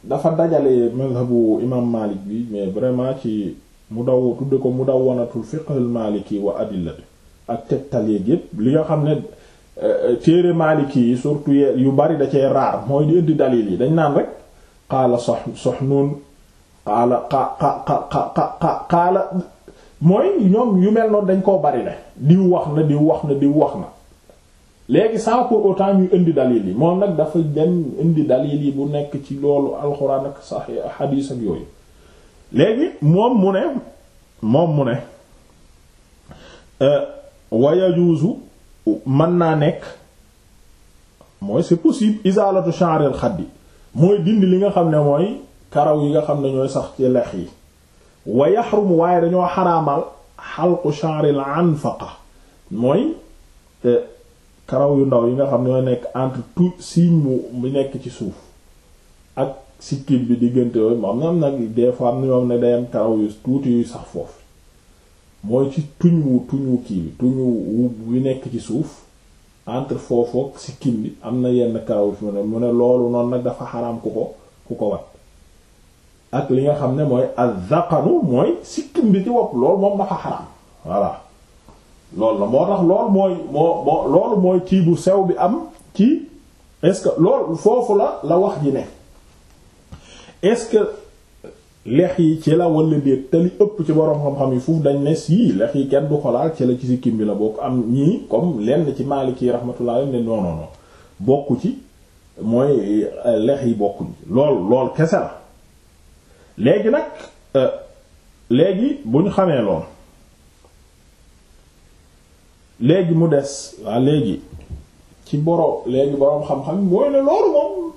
dafa dajale mazhabu imaam Maalik bi mais vraiment ci mu daw tudde ko mu daw wanatul fiqh al wa adillati ak tegtal yeeg yépp li nga xam ne euh, euh, téere maaliki yi surtout yu bari da cee raar mooy di indi dalil yi dañ naan rek xaala sox soxnuun xaala xa xa xaala mooy ñoom yu mel noonu dañ koo bari ne diw wax na diw wax na diw wax na léegi sans pour autant ñu indi dalil yi moom nag dafa benn indi dalil yi bu nekk ci loolu alxuraan ak sax xadiis ak yooyu léegi moom mu ne moom mu ne. Euh, wayajuuzu mën naa nekk mooy c'est possible isalatu sha'ril xaddi mooy dindi li nga xam ne mooy karaw yi nga xam ne ñooy sax ci lex yi wa yaxrumu waaye dañoo xaraamal xalqu sha'ril anfaqa mooy te karaw yu ndaw yi nga xam ne ñooy nekk entre tout signe bu nekk ci suuf ak sikkim bi diggante yooyu moom am nag des fois am na ñoom ne day am karaw yu tuuti yuy sax foofu mooy ci tuñ wu tuñu kii bi tuñu wu nekk ci suuf entre foofu ak sikkim bi am na yenn kaawu mu ne mu ne loolu noonu nag dafa xaraam ku ko ku ko wat ak li nga xam ne mooy azaqanu mooy sikkim bi ci wopp loolu moom dafa xaraam voilà loolu la moo tax loolu mooy moo moo loolu mooy kii bu sew bi am ci est-ce que loolu foofu la la wax ji ne est lex yi ci la wala déet te li ëpp ci boroom xam-xam yi foofu dañ ne sii lex yi kenn du xolaal ci la ci sikkim bi la bokk am ñii comme lenn ci Maliki rahmatullah ne non non non bokku ci mooy euh, lex yi bokkuñ lool lool kese la léegi nag euh, léegi bu ñu xamee lool léegi mu des waa léegi ci boro léegi borom xam-xam mooy ne loolu moom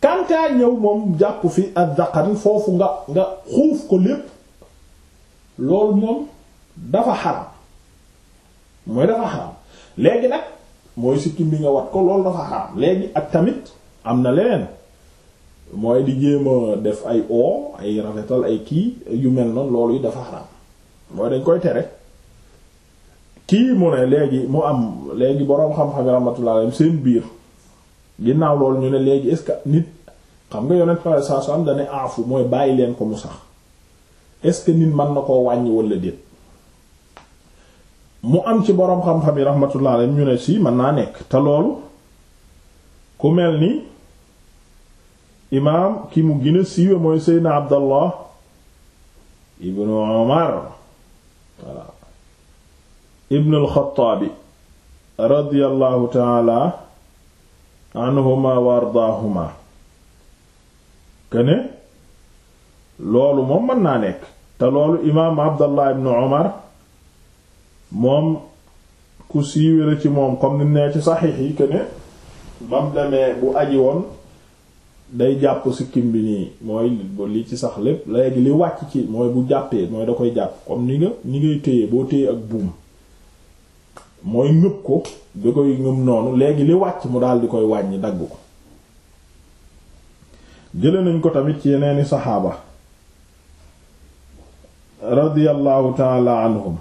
kantaa ñëw moom jàpp fi ak azzaqari foofu nga nga xuuf ko lépp loolu moom dafa xaram mooy dafa xaram léegi nag mooy sikkim bi nga wat ko loolu dafa xaram léegi ak tamit am na leneen mooy di jéema def ay o ay rafetal ay kii yu mel noonu loolu yi dafa xaram mooy dañ koy tere kii mu ne léegi mu am léegi boroom xam-xam yi seen biir ginnaaw loolu ñu ne léegi est-ce que nit xam nga yonent pare saa su am dane aafu mooy bàyyi leen ko mu sax est-ce que nit mën na koo wàññi wala déet mu am ci boroom xam-xam yi rahmatullah alayhi ñu ne si mën naa nekk te loolu ku mel ni imaam ki mu gën a mooy seydna abdallah ibnu omar voilà ibnu alxataabi radiyallahu anhuma wa ardaahuma këne loolu moom mën naa nekk te loolu imaam abdallah ibn omar moom ku siiwéra ci moom comme ni nee ci saxiix yi këne bam demee bu aji woon day jàpp sikkim bi nii mooy li ci sax lépp léegi li wàcc ci mooy bu jàppee mooy da koy jàpp comme ni nga ni ngay téye boo téye ak buum mooy ngëb ko da koy ngëm noonu léegi li wàcc mu daal di koy wàññi dagg ko jële nañ ko tamit ci yeneeni saxaaba radiyallahu taala anhum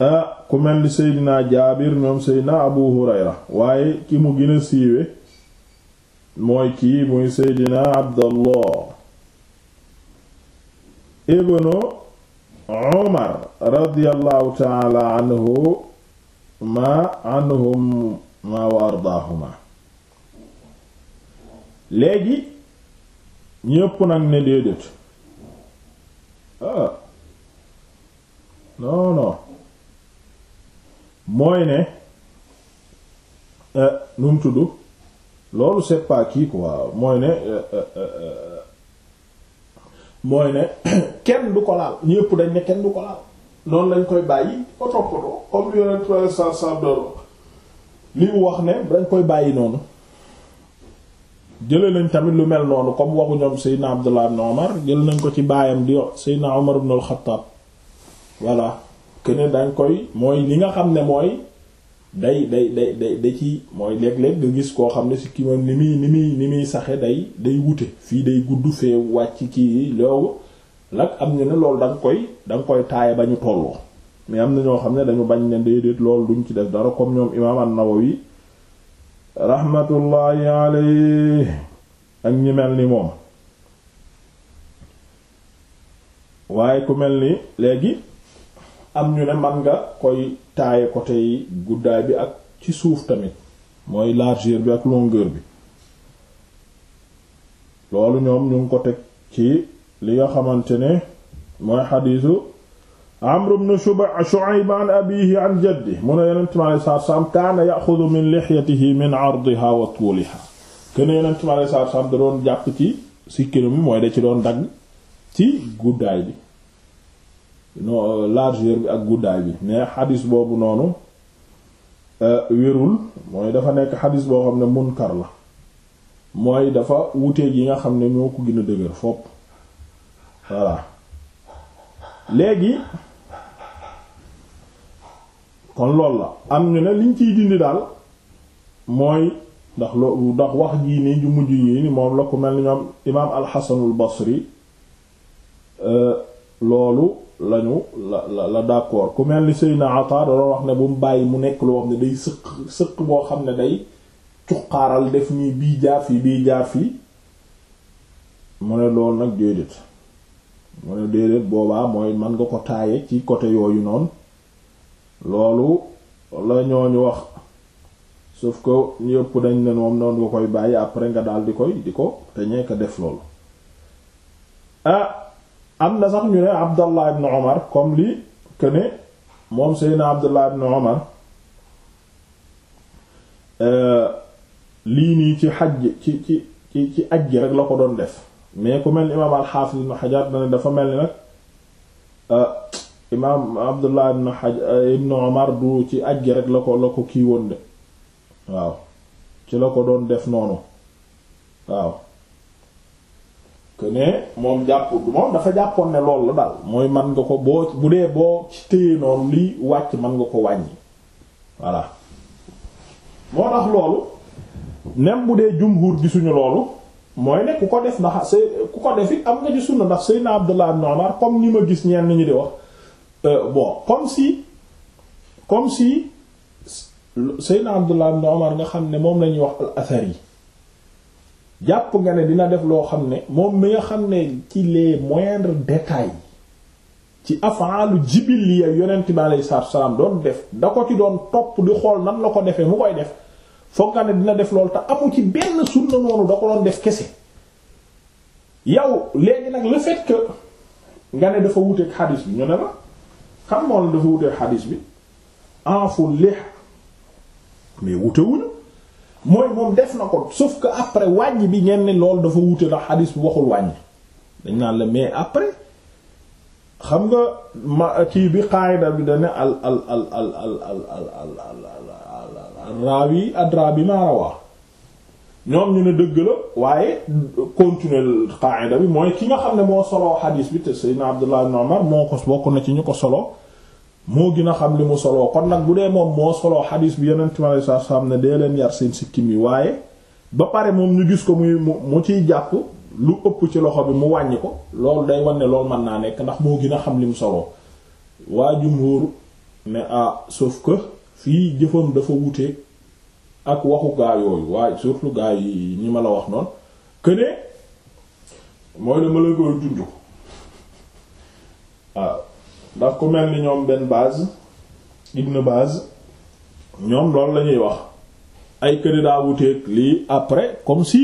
ah ku mel ni seydinaa jaabir ñoom seydinaa abu hurayra waaye ki mu gën a siiwe mooy kii muy seydinaa abdallah ibnu umar radiyallahu taala anhu ma anhum ma wa ardaahuma léegi ñépp nag ne déedéet ah mooy ne eh, nu tudd loolu c'est pas kii mooy ne eh, eh, mooy ne <coughs> kenn du ko laal ñépp dañ ne kenn du ko laal noonu lañ koy bàyyi ko toppatoo comme yonent trois cent wax ne dañ koy bàyyi noonu jëlee nañ tamit lu mel noonu comme waxu ñoom Seydina Abdullah ibn jël nañ ko ci baayam di Seydina Omar ibn al-Khattab voilà que dañ koy mooy li nga xam ne mooy day day day day da ci mooy léeg-léeg nga gis koo xam ne si kii moom ni muy ni muy ni muy saxe day day wute fii day gudd fee wàcc kii loolu nag am ñu ne loolu da koy da nga koy taaye ba ñu tolloo mais am na ñoo xam ne dañu bañ ne déedéet loolu duñ ci def dara comme ñoom imaam an-Nawawi rahmatullahi alayhi ak ñi mel ni moom waaye ku mel ni léegi am ñu ne man nga koy taaye côté yi guddaay bi ak ci suuf tamit mooy largeur bi ak longueur bi loolu ñoom ñu ngi ko teg ci li nga xamante ne mooy xadiisu Amr ibn Shu'ayb an abiihi an jaddihi mu ne Yonent mi alayhi salaatu salaam kaana ya'xudu min lihyatihi min 'ardihaa wa tuulihaa kenn Yonent mi alayhi salaatu salaam da doon jàpp ci sikkim bi mooy da ci doon dagg ci guddaay bi no largeur bi ak guddaay bi mais xadis boobu noonu euh, wérul mooy dafa nekk xadis boo xam ne munkar la mooy dafa wuteeg yi nga xam ne ñoo ko gën a dëgër fopp voilà léegi kon lool la am ñu ne liñ ciy dindi daal mooy ndax loo ndax wax jii nii ju mujj yi moom la ku mel ni ñoom imaam alxasanul basri euh, loolu lañu la la la ku mel ni Seydina Ata doon ne bu mu bàyyi mu nekk loo xam ne day sëq sëq boo xam ne day cuqaaral def nii bii jaar fii bii jaar fii mu ne loolu nag déedéet mu ne déedéet boobaa mooy man nga ko taaye ci côté yooyu noonu loolu la ñu wax sauf ko ñu yëpp dañ ne moom noonu nga koy bàyyi après nga daal di koy di ko te ñee ko def loolu ah am na sax ñu ne Abdallah ibn Omar comme li que moom Seydina Abdallah ibn Omar euh, lii nii ci xaj ci ci ci ci aj gi rek la ko doon def mais ku mel ni imaam alxaafis ibn na dana dafa mel ni nag euh, imaam abdullah ibn xajar euh, ibn du ci aj gi rek la ko la ko kii woon de waaw ci la ko doon def noonu waaw que ne moom jàpp moom dafa jàppoon ne loolu la daal mooy man nga ko boo bu dee boo ci téye noonu lii wàcc man nga ko wàññi voilà moo tax loolu nem bu dee jumhur suñu loolu mooy ne ku ko def ndax say ku ko def it am nga ci sunna ndax Seydina Abdullah ibn Umar comme ni ma gis ñenn ñu di wax euh, bon comme si comme si Seydina Abdullah ibn Umar nga xam ne moom lañuy wax al yi jàpp nga ne dina def loo xam ne moom mi nga xam ne ci les moindres détails ci afaalu jibiliya yonent bi alayhi salaatu wa salaam doon def da ko ci doon topp di xool nan la ko defee mu koy def foog nga ne dina def loolu te amu ci benn sunna noonu da ko doon def kese yow léegi nag le fekk nga ne dafa wuteeg xadis bi ñu ne la xam moo la dafa wuteeg xadis bi enful leex mais wutewuñu mooy moom def na ko sauf que après wàññi bi ngeen ne loolu dafa wute ndax xadis bi waxul wàññi dañ naa la mais après xam nga ma kii bi qaayida bi dane al al al al al al al al raawi adra bi maa rawaa ñoom ñu ne dëgg la waaye continuer qaida bi mooy ki nga xam ne moo soloo xadiis bi te seydna Abdullah ibn Umar moo ko bokk na ci ñu ko solo moo gën a xam li mu soloo kon nag bu dee moom moo soloo xadiis bi yeneen mi alei satu salaam ne dee leen yar seen sikkim yi waaye ba pare moom ñu gis ko muy mu ciy jàpp lu ëpp ci loxo bi mu wàññi ko lool day wan ne loolu mën naa nekk ndax moo gin a xam li mu soloo waa jumhur ne ah sauf que fii jëfam dafa wutee ak waxu gaa yooyu waaye surtout gaa yi ñi ma la wax noonu këne mooy dama la koy junju waaw ah, ndax ku mel ni ñoom benn base Ibn Baz ñoom loolu la ñuy wax ay këne daa wuteeg lii après comme si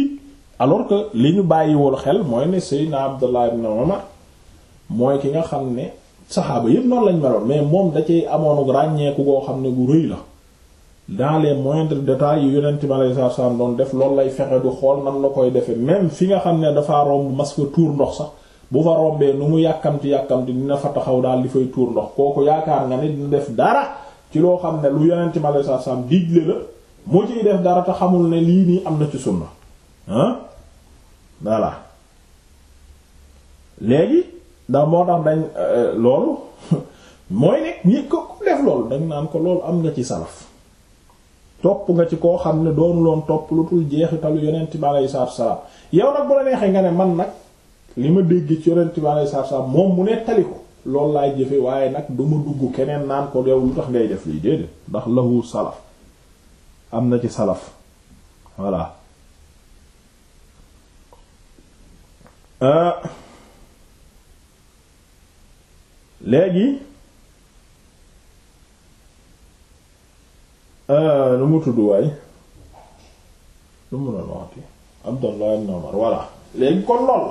alors que li ñu bàyyiwul xel mooy ne Seydina Abdullah ibn Umar mooy ki nga xam ne saxaaba yëpp noonu lañ meloon mais moom da amoon ràññeeku koo xam ne gu rëy la dans les moindres détails yu yonent bi alayhi salaatu salaam doon def loolu lay fexe du xool nan la koy defee même fi nga xam ne dafaa romb mas fa tuur ndox sax bu fa rombee nu mu yàkkamti yàkkamti dina fa taxaw daal di fay tuur ndox kooku yaakaar nga ne dina def dara ci loo xam ne lu yonent bi alayhi salaatu salaam digle la moo ciy def dara te xamul ne lii nii am na ci sunna ah voilà léegi. ndax moo tax dañ euh, loolu <laughs> mooy nekk ñi ko ku def loolu dañ naan ko loolu am na ci salaf topp nga ci koo xam ne doonu loon topp lu tul jeexitalu yonent bi aleyhi salaatu yow nag bu la neexee nga ne man nag li ma dégg ci yonent bi aleyhi salaatu salaam moom mu nettali ko lool laay jëfe waaye nag du ma dugg keneen naan ko yow lu tax ngay def lii déedéet ndax lahu salaf am na ci salaf voilà. Euh, léegi lu euh, mu tudd waay lu mu doon waxati Abdallah ibn Umar voilà léegi kon lool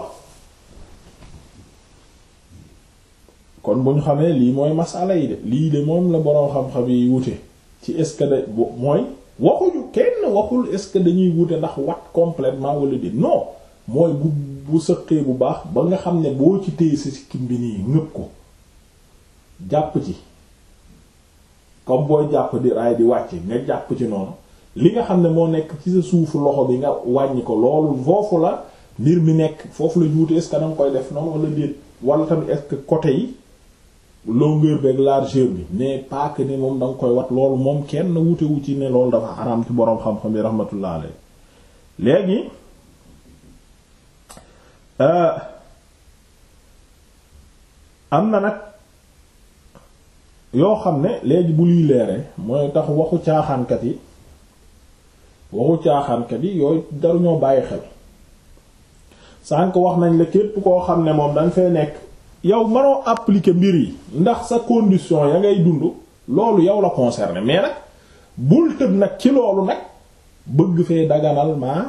kon bu ñu xamee lii mooy masala yi de lii de moom la boroom xam-xam yi wute ci est-ce que mooy waxuñu kenn waxul est-ce que dañuy wute ndax wat complètement wala di non mooy bu bu sëqee bu baax ba nga xam ne boo ci téye sa sikkim bi nii ngëb ko jàpp ci comme booy jàpp di raay di wàcce nga jàpp ci noonu li nga xam ne moo nekk ci sa suufu loxo bi nga wàññi ko loolu foofu la mbir mi nekk foofu la juute est-ce danga koy def noonu wala déet wala tamit est-ce que côté yi longueur beeg largeur bi mais pas que ni moom da koy wat loolu moom kenn wuute ci ne loolu dafa xaram ci boroom xam-xam yi rahmatullah alayhi léegi euh, am na nag yoo xam ne léegi bu luy leere mooy tax waxu caaxaankat yi waxu caaxaankat yi yooyu daruñoo bàyyi xel sànq wax nañ la képp koo xam ne moom danga fee nekk yow mënoo appliquer mbir yi ndax sa condition ya ngay dund loolu yow la concerné mais nag bul tëb nag ci loolu nag bëgg fee daganal maa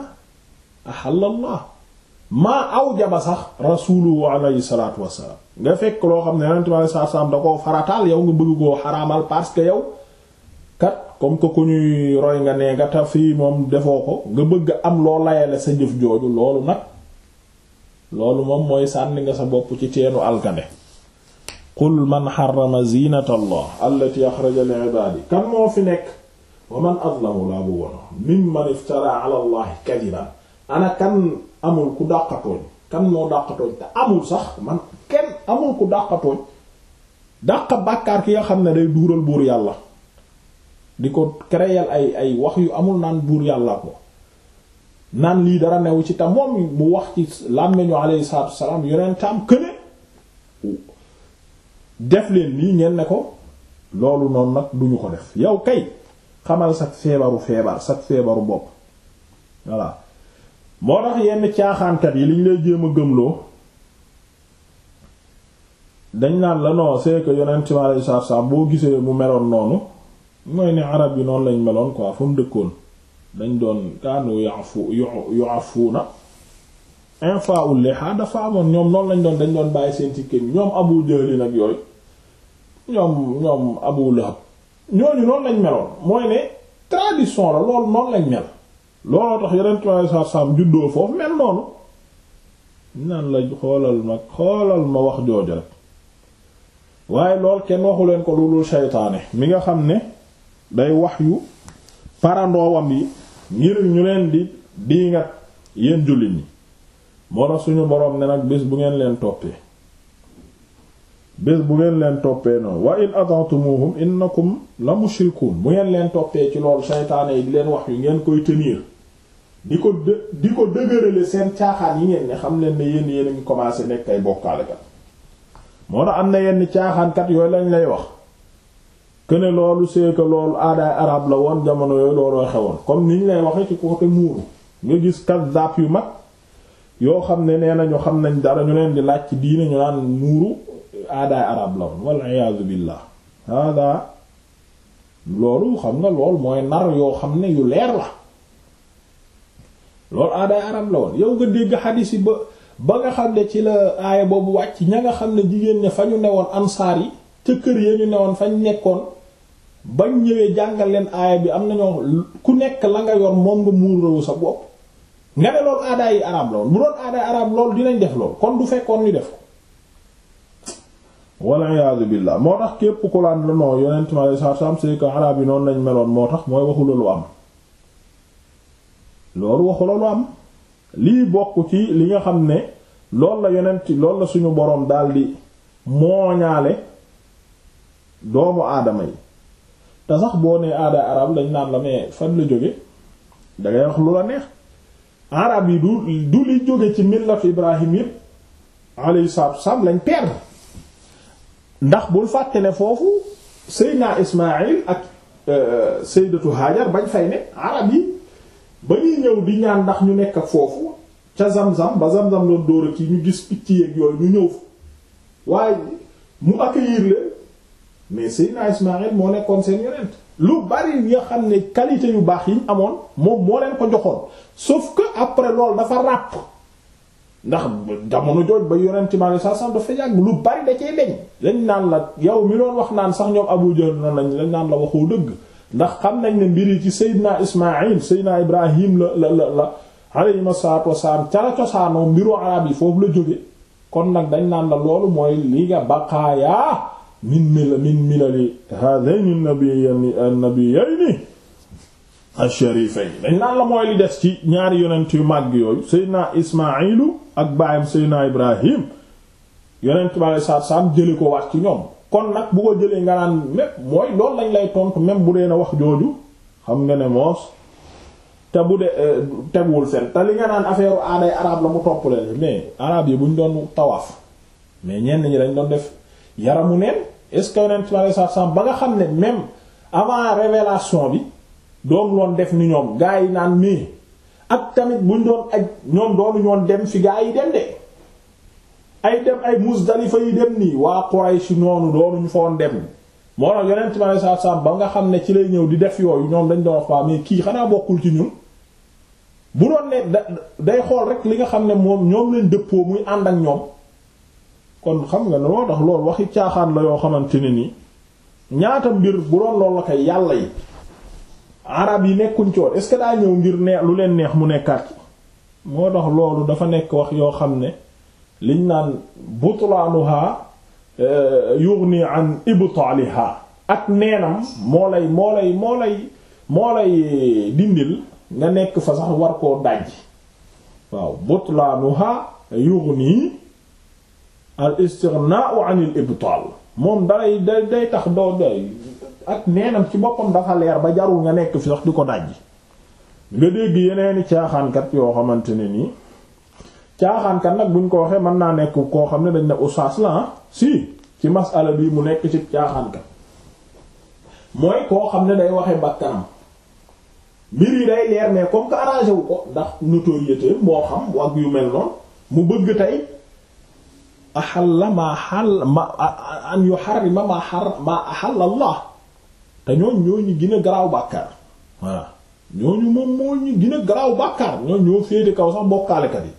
ahallallah maa aw jaba sax rasuluhu alayhi salatu wasalaam nga fekk loo xam ne yonent bi alayhi salatu wasalaam da koo farataal yow nga bëgg koo xaraamal parce que yow kat comme que ku ñuy roy nga nee nga ta fii moom defoo ko nga bëgg am loo layale sa jëf jooju loolu nag loolu moom mooy sànni nga sa bopp ci teenu alkande qul man xarama zinata allah allati axraja li ibaadi kan moo fi nekk wa man adlamu laa bu wono mimman iftara ala allahi kadiban ana kan amul ku dàqatooñ kan moo dàqatooñ te amul sax man kenn amul ku dàqatooñ dàq bàkkaar ki nga xam ne day duural buur yàlla di ko créer ay ay wax yu amul naan buur yàlla ko naan lii dara newu ci te moom mu wax ci làmmeñu alayhi salaatu wasalaam yonentam këne def leen lii ngeen ne ko loolu noonu nag duñu ko def yow kay xamal sag feebaru feebar sag feebaru bopp voilà moo tax yenn caaxaankat yi liñ lay jéem a gëmloo dañ naan la non c'est que yonent mi alayhi boo gisee mu meloon noonu mooy ne arab yi noonu lañ meloon quoi fa mu dëkkoon dañ doon kaanu yafu yuafuuna infa ulleha dafa amoon ñoom noonu lañ doon dañ doon bàyyi seen tikke ñoom abu jëli nag yooyu ñoom ñoom abu lahab ñooñu noonu lañ meloon mooy ne tradition la loolu noonu lañ mel looloo tax yeneen trois sam juddoo foofu mel noonu naan la xoolal mag xoolal ma wax jooju rek waaye lool kenn waxu leen ko lu dul seytaane mi nga xam ne day wax yu parandoowam yi ngir ñu leen di diingat yéen jullit ñi moo tax suñu boroom ne nag bés bu ngeen leen toppee bés bu ngeen leen toppee noonu wa in ata'tumuhum innakum la mushrikun bu ngeen leen toppee ci loolu seytaane yi di leen wax yu ngeen koy tenir di ko dë di ko dëgërale seen caaxaan yi ngeen ne xam leen ne yéen yéen a ngi commencé nekk ay bokkaalekat moo na am na yenn caaxaankat yooyu lañ lay wax que ne loolu c'est que loolu aadaay arab la woon jamono yooyu looloo xewoon comme ni lay waxee ci côté muuru nga gis kazzab yu mag yoo xam ne nee nañu xam nañ dara ñu leen di laaj ci diine naan muuru. aadaay arab la woon wal iyaadu billah hada loolu xam nga lool mooy nar yoo xam ne yu leer la loolu aadaay arab la woon yow nga dégg xadiis yi ba ba nga xam ne ci la aaya boobu wàcc ña nga xam ne jigéen ña fa ñu woon ansaar yi ca kër ya ñu newoon fañ nekkoon bañ ñëwee jàngal leen aaya bi am nañoo ku nekk la nga yor moom nga muurawu sa bopp nga ne loolu aadaay yi arab la woon bu doon aadaay arab loolu dinañ def lool kon du fekkoon ñu def walla iyaazu billaah moo tax képp ku laan la non yonent mi alayhi salaatu salaam araab yi noonu lañ meloon moo tax mooy waxu la lu am loolu waxu lu am lii bokk ci li nga xam ne loolu la yonent loolu la suñu boroom daldi mooñaale doomu aadama yi te sax boo nee aada arab lañ naan la mais fan la jóge dangay wax lu la neex arab yi du du li jóge ci millatu Ibrahim yépp alayhi salaatu lañ perdre ndax bul fàtte ne foofu Seydina Ismaïl ak euh, Sayyidatu Hajar bañ fay ne arab yi ba ñuy ñëw di ñaan ndax ñu nekk ak foofu ca Zamzam ba Zamzam doon dóor yi ñu gis picc yeeg yooyu ñu ñëw fa waaye mu accueillir leen mais Seydina Ismaïl moo nekkoon seen yonent lu bari nga xam ne qualité yu baax yiñ amoon moom moo leen ko joxoon sauf que après loolu dafa ràpp ndax jamono jooj ba yonent mi alei satu dafa yàgg lu bari da cee deñ lañ naan la yow mi doon wax naan sax ñoom Abu Jahl na lañ lañ naan la waxoo dëgg ndax xam nañ ne mbir yi ci Seydina Ismaïl Seydina Ibrahim la la la la alayhim asalatu wasalaam cara cosaanoo mbiru arab yi foofu la jóge kon nag dañ naan la loolu mooy li nga baqaayaa min mil min milali hadaini nabiyayni asharifayn dañ naan la mooy li des ci ñaari yonent yu màgg yooyu seydina ismailu ak baayam seydina ibrahim yonent bi alei saatu salaam jële ko wax ci ñoom kon nag bu ko jëlee nga naan mépp mooy loolu lañ lay tontu même bu dee na wax jooju xam nga ne moos te bu de euh, teguwul fen te li nga naan affaire aaday arab la mu topp leen mais arab yi bu ñu doon tawaaf mais ñenn ñi dañ doon def yaramu neen est ce que yonent bi alei saatu salaam ba nga xam ne même avant révélation bi doon loon def ni ñoom gaa yi naan mii ak tamit buñ doon aj ñoom doonu ñoon dem fi gaa yi dem de ay dem ay Muzdalifa yi dem nii waa Quraysh noonu doonuñu foon dem moo tax yonent bi ba nga xam ne ci lay ñëw di def yooyu ñoom dañ doon wax waa mais kii xanaa bokkul ci ñun day xool rek li nga xam ne moom ñoom leen dëppoo muy ànd ak ñoom kon xam nga loo tax loolu waxi caaxaan la yoo xamante ne nii ñaata mbir bu doon loolu la kay yàlla yi arab yi nekkuñ ci woon daa ñëw ngir neex lu leen neex mu nekkaat moo tax loolu dafa nekk wax yoo xam ne liñ naan butlaanuha euh, yughni an ibtaaliha ak neenam moo dindil nga nekk fa koo dajj waaw butlaanuha yughni al istighnaa'u an al ibtaal moom dalay day day tax doo day ak neenam ci boppam dafa leer ba jarul nga nekk fi sax di ko dajji nga dégg yeneeni caaxaankat yoo xamante ne nii caaxaankat nag buñ ko waxee mën naa nekk koo xam ne dañ ne oustaz la ah, si ci masala bii mu nekk ci caaxaankat mooy koo xam ne day waxe bakkanam mbir yi day leer mais comme que arrangé wu ko ndax notoriété moo xam wag yu mel noonu mu bëgg tey axalla ma xal ma an yuharrima ma xar ma axalla Allah te ñooñ ñoo ñu gën a garaaw bàkkaar voilà ñooñu moom moo ñu gën garaaw bàkkaar ñooñ ñoo féete kaw sax bokkaalekat yi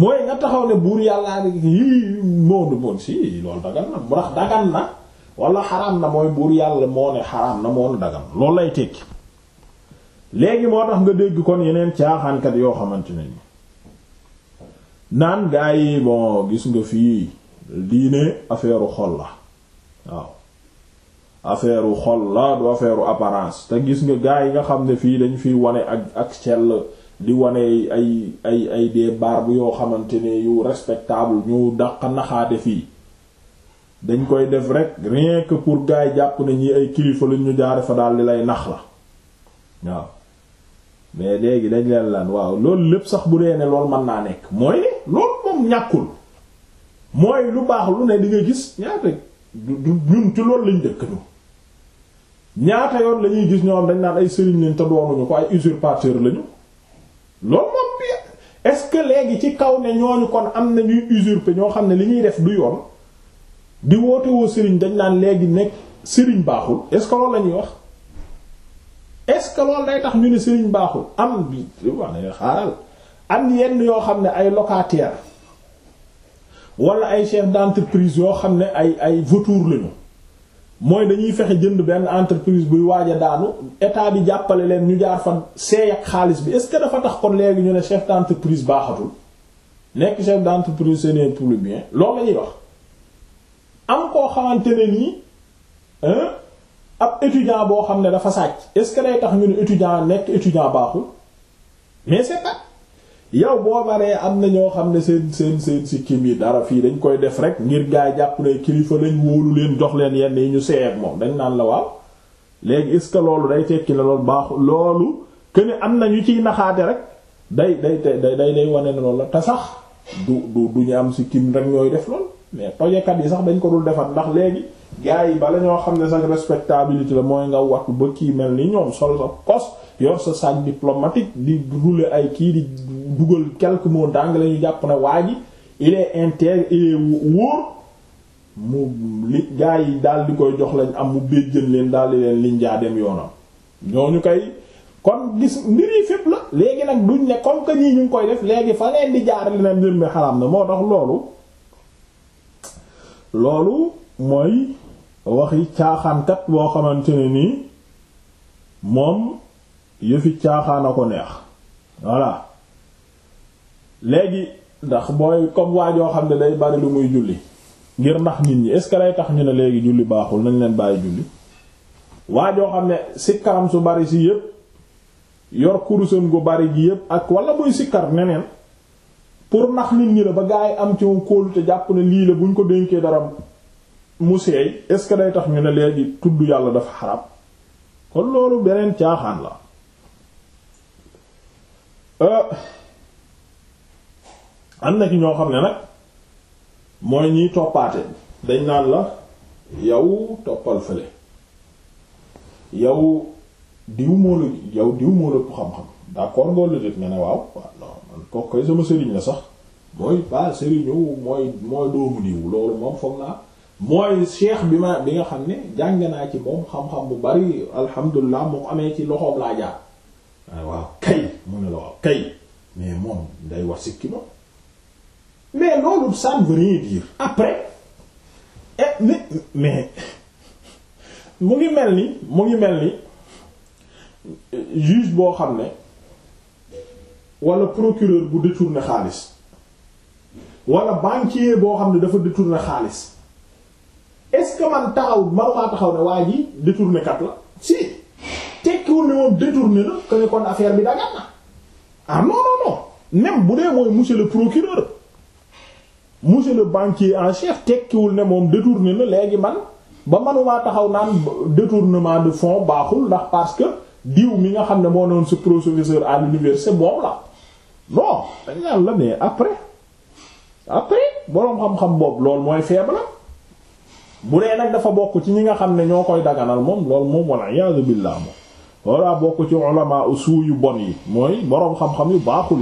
mooy nga taxaw ne buur yàllaa yii moom du bon si na wala xaraam na mooy buur yàlla moo ne xaraam na moo ne dagan loolu lay tekki léegi moo tax nga dégg kon yeneen caaxaankat yoo xamante ni naan gaa yi bon gis nga fii diine affaire xol la waaw affaire u xol la du affaire apparence te gis nga gaa yi nga xam ne fii dañ fiy wane ak ak sell di wane ay ay ay des barbe yoo xamante ne yu respectable ñu dàq naxaate fii dañ koy def rek rien que pour gaa yi jàpp ne ñi ay kilifa lu ñu jaare fa daal di lay nax la waaw mais léegi dañ leen lan waaw loolu lépp sax bu dee ne loolu mën naa nekk mooy loolu moom ñàkkul mooy lu baax lu ne di nga gis ñaata du du ñun ci loolu lañ dëkk ñu ñaata yoon la ñuy gis ñoom dañ naan ay sëriñ lañ te doonuñu ko ay usurpateur lañu loolu moom bi est-ce que léegi ci kaw ne ñooñu kon am na ñuy usurper ñoo xam ne li ñuy def du di woote woo sëriñ dañ naan léegi nekk sëriñ baaxul est-ce que loolu la ñuy wax est-ce que loolu day tax ñu ne sëriñ baaxul am bi yenn yoo xam ne ay locataire wala ay chef d'entreprise yoo xam ne ay ay vautours lañu mooy dañuy fexe jënd benn entreprise buy waaj daanu état bi jàppale leen ñu jaar fan seey xaalis bi est-ce que dafa tax kon léegi ñu ne chef d'entreprise baaxatul nekk chef d'entreprise c'est n'est plus bien loolu la ñuy wax am koo xamante ne nii ab étudiant boo xam ne dafa sàcc est-ce que day tax ñu ne étudiant nekk étudiant baaxul mais c'est yow boo baree am na ñoo xam ne seen seen seen sikkim yi dara fii dañ koy def rek ngir gaay jàpp ne kilifa lañ wóolu leen jox leen yenn yi ñu seet moom dañ naan la waaw léegi est-ce que loolu day tekki la loolu baaxul loolu que ne am na ñu ciy naxaate rek day day day day day wane ne loolu la te sax du du du ñu am sikkim rek ñooy def lool mais tojekat yi sax dañ ko dul defar ndax léegi. gaa yi bala ñoo xam ne sax respectabilité la mooy nga wattu ba kii mel ni ñoom sol sa kos yor sa sac diplomatique di rouler ay kii di dugal quelques mots d'anglais ñu jàpp ne waa ji il est intègre wóor mu li gaa yi daal di koy jox lañ am mu béjjën leen daal di leen liñ jaa dem yoonam ñooñu kay kon gis mbir yi la léegi nag duñ ne comme que ñu ngi koy def léegi fa leen di jaar li ne mbir mi xaraam na moo tax loolu loolu mooy waxi caaxaankat boo xamante ne nii moom yëfi caaxaan a ko neex voilà léegi ndax booy comme waajoo xam ne day bari lu muy julli ngir nax nit ñi est-ce que lay tax ñu ne léegi julli baaxul nañ leen bàyyi julli waajoo xam ne sikkaram su bari si yépp yor kurusan gu bari gi yépp ak wala muy sikkar neneen pour nax nit ñi la ba gaa yi am ci moom kóolu te jàpp ne lii la buñ ko dénkee dara mu seey est ce day tax ñu ne léegi tudd yàlla dafa xarab kon loolu beneen caaxaan la euh, am na ci ñoo xam ne nag mooy ñiy toppaate dañ naan la yow toppal fële yow diw moo la yow diw moo la xam-xam d'accord nga def nga waaw waaw man kooku koy sama sëriñ la sax mooy ba sëriñu mooy mooy doomu diw loolu moom foog naa mooy cheikh bi ma bi nga xam ne jàng naa ci moom xam-xam bu bari alhamdulilah moom amee ci loxoom laa jaar waaw kay mu ne day wax sikki moom mais loolu ça ne veut après eh, mais mais mu ngi mel ni mu ngi mel ni juge boo xam ne wala procureur bu détourné xaalis wala banquier boo xam ne dafa détourné xaalis est-ce que man taxawul manumaa taxaw ne waa ji détourné la si tekkiwul ne moom détourné na que ne kon affaire bi dagan na ah non non non bu dee mooy monsieur le procureur monsieur le banquier en chef tekkiwul ne moom détourné na léegi man ba manumaa taxaw naan détournement de fonds baaxul ndax parce que diw mi nga xam ne moo noon si professeur à l'université moom la non dañ naan la mais après après boroom xam-xam boobu loolu mooy faible bu dee nag dafa bokk ci ñi nga xam ne ñoo koy daganal moom loolu moom walla iyaazu billah moom walla bokk ci ulama yu bon yi mooy boroom xam yu baaxul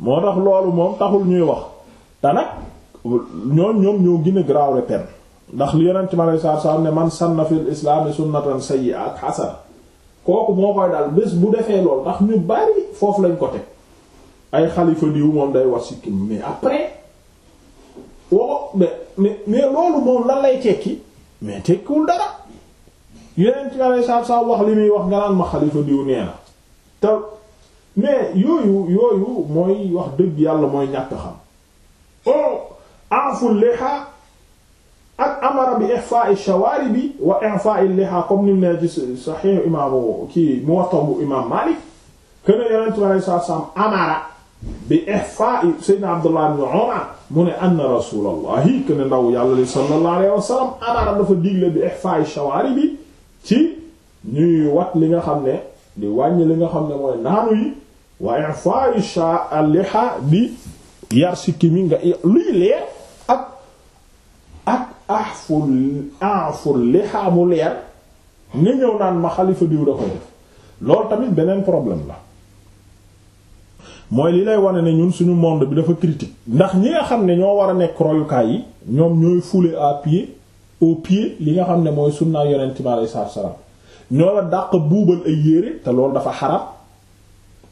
moo tax loolu moom taxul ñuy wax te nag ñoom ñoom ñoo gën a grave peine ndax li yonent mi alayhi salaatu salaam ne man sanna fil islaami sunnatan sayyi'a ak hasana kooku moo koy dal bés bu defee lool ndax ñu bari foofu lañ ko teg ay xalifa diw moom day wax sikkim mais après oo de mais mais loolu moom lan lay tekki mais tekkiwul dara yeneen ci nga saab saab wax li muy wax nga naan ma xalifa diw nee na te mais yooyu yooyu mooy wax dëgg yàlla mooy ñàkk xam oh aful liha ak amara bi ihfa'i shawarib wa ihfa'i liha comme nim ne ci sahih imaamu kii Muwatta bu imaam Maalik kene yeneen ci nga saab saab amara bi ihfa'i sayyidina Abdullah ibn Umar mu ne anna rasulallahi que ne ndaw yàlla li sallallahu alayhi wa dafa digle bi ihfa'i shawari bi ci ñuy wat li nga xam ne di wàññi li nga xam ne mooy naanu yi wa ihfa'i al-liha bi yar sikki mi nga luy leer ak ak ahful ahful liha mu leer nga ñëw naan ma xalifa diw da def loolu tamit beneen problème la mooy li lay wane ne ñun suñu monde bi dafa critique ndax ñi nga xam ne ñoo war a nekk royukaay yi ñoom ñooy foulé à pied au pied li nga xam ne mooy sunnaa yonent bi alayhi salaatu salaam ñoo la dàq buubal ay yére te loolu dafa xarab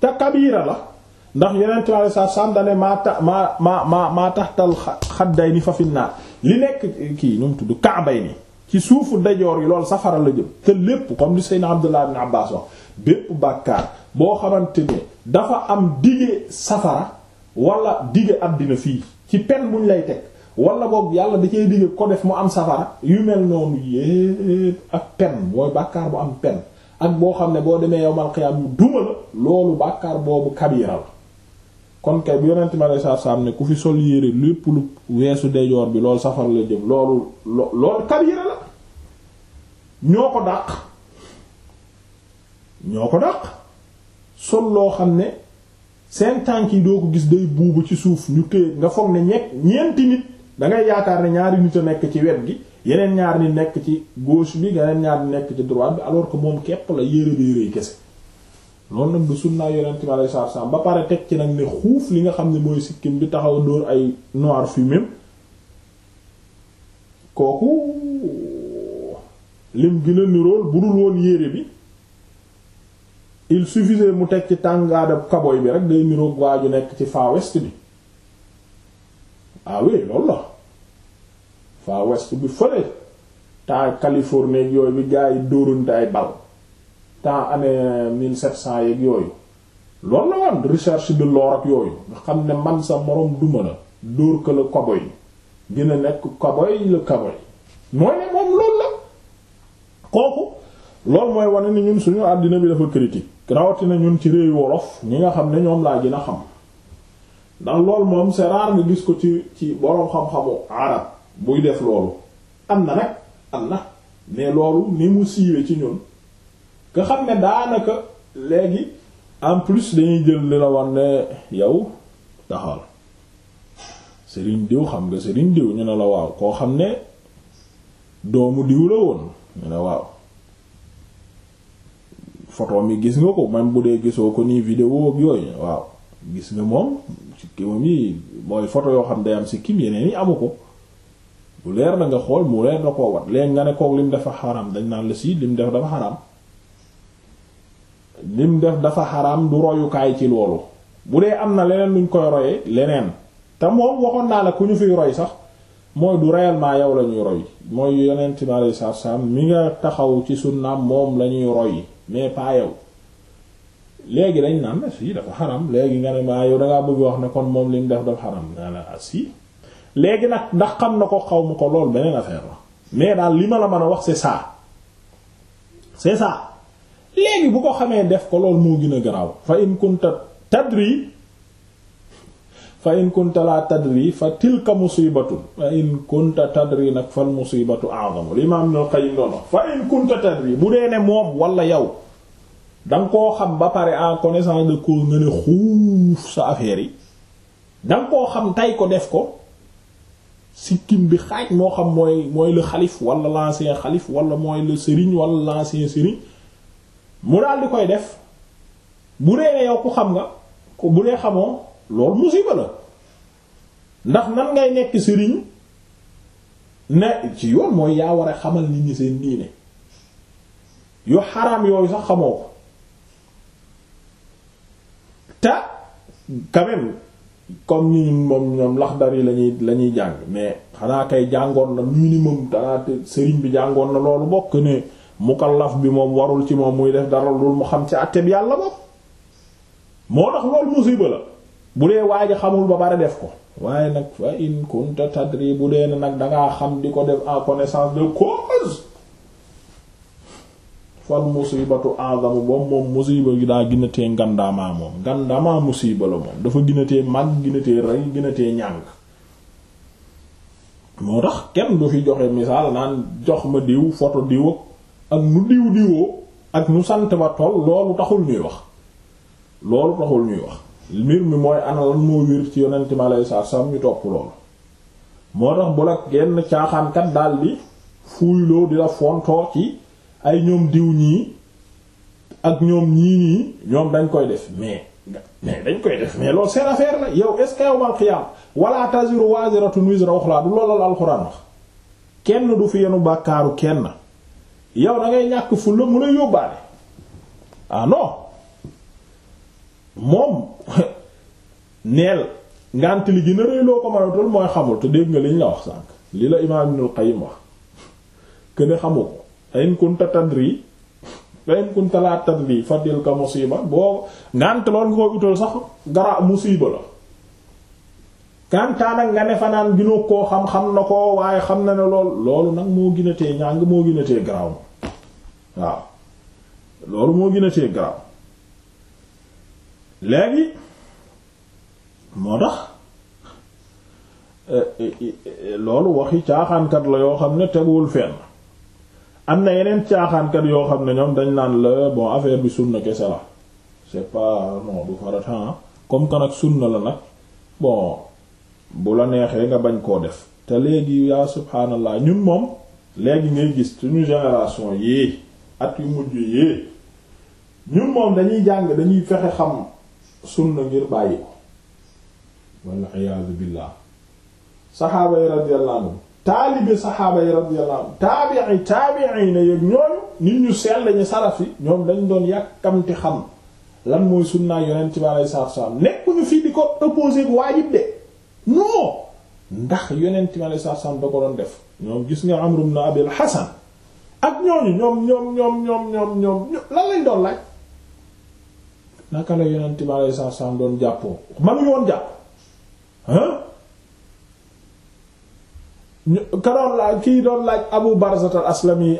te kabiira la ndax yonent bi alayhi salaam dane maa tax maa maa maa taxtal xadday ni fa fi naar li nekk kii nu mu tudd kaabay ni ci suufu dajoor yi lool safara la jëm te lépp comme li Seydina Abdullah ibn Abbas wax bépp boo xamante dafa am dige safara wala dige àddina fii ci pen buñ lay teg wala boobu yàlla da cay digg ko def mu am safara yu mel noonu yépp ak pen mooy bàkkaar bu am pen ak boo xam ne boo demee yowmal xiyaam yu duma la loolu bàkkaar boobu kabira la kon kay bu yonente ma lay saar ne ku fi sol yére lépp weesu dejoor bi loolu safara la jëm loolu loolu kabira la ñoo ko dàq ñoo ko dàq sol loo xam ne seen tànk yi doo ko gis day buubu ci suuf ñu téye nga foog ne ñekk ñeenti nit da ngay yaakaar ne ñaari nit a nekk ci wet gi yeneen ñaar ni nekk ci gauche bi yeneen ñaar nekk ci droite bi alors que moom képp la yére bi rëy kese loolu nag du sunnaa yonent bi alayhi salaatu salaam ba pare teg ci nag ne xuuf li nga xam ne mooy sikkim bi taxaw dóor ay noir fumé kooku lim gën a nirool budul woon yére bi il suffisait mu teg ci tàngaadab kaboy bi rek day niroog waaju nekk ci far west bi ah oui loolu la far west bi fële temps Californie ak yooyu bi gaa yi dóorante ay bal temps année mille sept cent yeeg yooyu loolu la woon recherche de l'or yooyu nga xam ne man sa moroom duma la dóor ko la kaboy gën nekk kaboy la kaboy mooy ne moom loolu la kooku loolu mooy wane ni ñun suñu àddina bi dafa critique rawatina ñun ci réew wolof ñi nga xam ne ñoom laa gën a xam ndax lool moom c'est nga gis ko ci ci boroom xam-xamu arab buy def loolu am na nag am na mais loolu ni mu siiwee ci ñun nga xam ne daanaka léegi en plus dañuy jël li la wan yow taxal sëriñ diw xam nga sëriñ diw ñu ne la waaw koo xam ne doomu diw ñu ne waaw photo mi gis nga ko même bu dee gisoo ko nii vidéo ak yooyu waaw gis nga moom sikkimam yi mooy photo yoo xam ne day am sikkim yeneen yi amu ko bu leer na nga xool mu leer na koo wat léegi nga ne kook lim dafa xaram dañ naan si lim def dafa xaram lim def dafa xaram du royukaay ci loolu bu dee am na leneen luñ koy royee leneen te moom waxoon naa la ku ñu fi roy sax mooy du réellement yow la ñuy roy mooy yonent bi alayhi salaam mi nga taxaw ci sunnaam moom lañuy ñuy roy mais pas yow léegi dañ naan mais si dafa xaram léegi nga ne maa yow dangaa bëgg wax ne kon moom li mu def dafa xaram nga ne assi ah, léegi nag ndax xam na ko xaw ma ko lool beneen affaire la mais daal li ma la mën a wax c'est ça c'est ça léegi bu ko xamee def ko lool moo gën a garaaw fa in kunta tadri fa in kunta la fa tilka musibatu fa in kunta tadri nag fal musibatu a'zamu limaam Ibnul Qayyim doon fa in kunta tadri bu dee ne moom wala yow danga koo xam ba pare en connaissance de cause nga ne xuuf sa affaire yi danga koo xam tay ko def ko sikkim bi xaaj moo xam mooy mooy le xalif wala l'ancien xalif wala mooy le sëriñ wala l'ancien sëriñ mu daal di koy def bu dee ne yow ku xam nga bu dee xamoo loolu musiba la ndax nan ngay nekk sëriñ ne ci yoon mooy yaa war a xamal nit ñi seen diine yu xaraam yooyu sax xamoo ko te quand même comme ni moom ñoom laxdar yi lañuy jàng mais xanaa kay jàngoon na minimum danaa sëriñ bi jàngoon na loolu bokk ne mukallaf bi moom warul ci moom muy def dara lu mu xam ci àtte yàlla bopp moo tax loolu musiba la bu dee waaja xamul ba bari def ko waaye nag fa in kunta tadri bu dee nag dangaa xam di ko def en connaissance de cause fal musibatu azamu boobu moom musiba gi daa ginatee ngandaamaa moom ngandaamaa musiba la moom dafa ginatee màgg ginatee rey ginatee ñàng moo tax kenn du fi joxe misaal naan jox ma diw foto diw ak nu diw diwoo ak nu sant ba toll loolu taxul ñuy wax loolu taxul ñuy wax mbir mi mooy ana lan moo wér ci yonent mi alayhi salaatu topp loolu moo tax bu la genn caaxaankat daal di fuuyloo di la fontoo ci ay ñoom diw ñii ak ñoom ñii nii ñoom dañ koy def mais mais dañ koy def mais loolu seen affaire la yow est-ce que yawmal qiyaam wala taziru du loolu la alxuraan kenn du fi yenu bàkkaaru kenn yow da ngay ñàkk fu la mën yóbbaale ah moom <laughs> neel ngànt li gën a rëy loo ko mënatul mooy xamul te dégg nga liñ la wax sànq li la imaam Ibnul Qayyim wax <laughs> këne xamu ko in kunta tadri wa <laughs> in kunta la tadri fa tilka musiba boo ngànt lool nga koy utal sax gara musiba la kantaan ak nga ne fanaan ginu koo xam xam na ko waaye xam na ne lool loolu nag moo gën a tee ñàng moo gën a tee waaw loolu moo gën a léegi moo tax eh, eh, eh, loolu waxi caaxaankat la yoo xam ne teguwul fenn am na yeneen caaxaankat yoo xam ne ñoom dañ naan la bon affaire bi sunna kese la c'est pas non du farata comme que sunna la nag bon bu la neexee nga bañ koo def te léegi yaa subhaanallah ñun moom léegi ngay gis suñu génération yii at yu mujj yii ñun moom dañuy jàng dañuy fexe xam sunna ngir bàyyi ko walla iyaazu billaah saxaaba yi radiyallahu anhum taalibe saxaaba yi radiyallahu anhum taabii taabiina yëg ñooñu nit ñu sell ñu saraf yi ñoom dañu doon yàkkamti xam lan mooy sunnaa yonent bi alayhi salaatu wassalaam nekkuñu fii di ko opposé waajib de non ndax yonent bi alayhi salaatu wassalaam da ko doon def ñoom gis nga Amru ibn Abil Hasan ak ñooñu ñoom ñoom ñoom ñoom ñoom ñoom lan lañ doon laaj naka la yonent bi alayhi salaam doon jàppoo mënuñu woon jàpp ah. karoon kii doon laaj Abu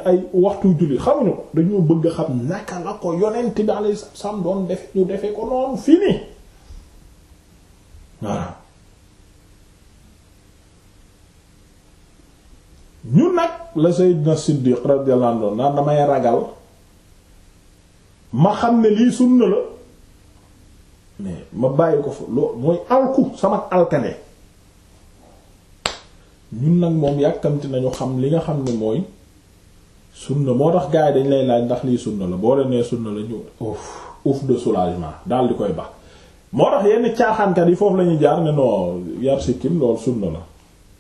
ay waxtu julli xamuñu ko dañoo bëgg a xam naka la ko yonent bi alayhi salaam doon def ñu defee ko noonu fii nii waaw ñu nag la Seydina Siddiq radiyallahu anhu naan damay ragal ma xam ne lii sunna la. mais ma bàyyi ko fa loolu mooy alku sama alkane ñun nag moom yàkkamti nañu xam li nga xam ne mooy na moo tax gars yi dañ lay laaj ndax lii sunna la boo leen nee sunna la ñu ouf ouf de soulagement daal di koy ba moo tax yenn caaxaankat yi foofu lañuy ñuy jaar ne non yar sikkim loolu sunna la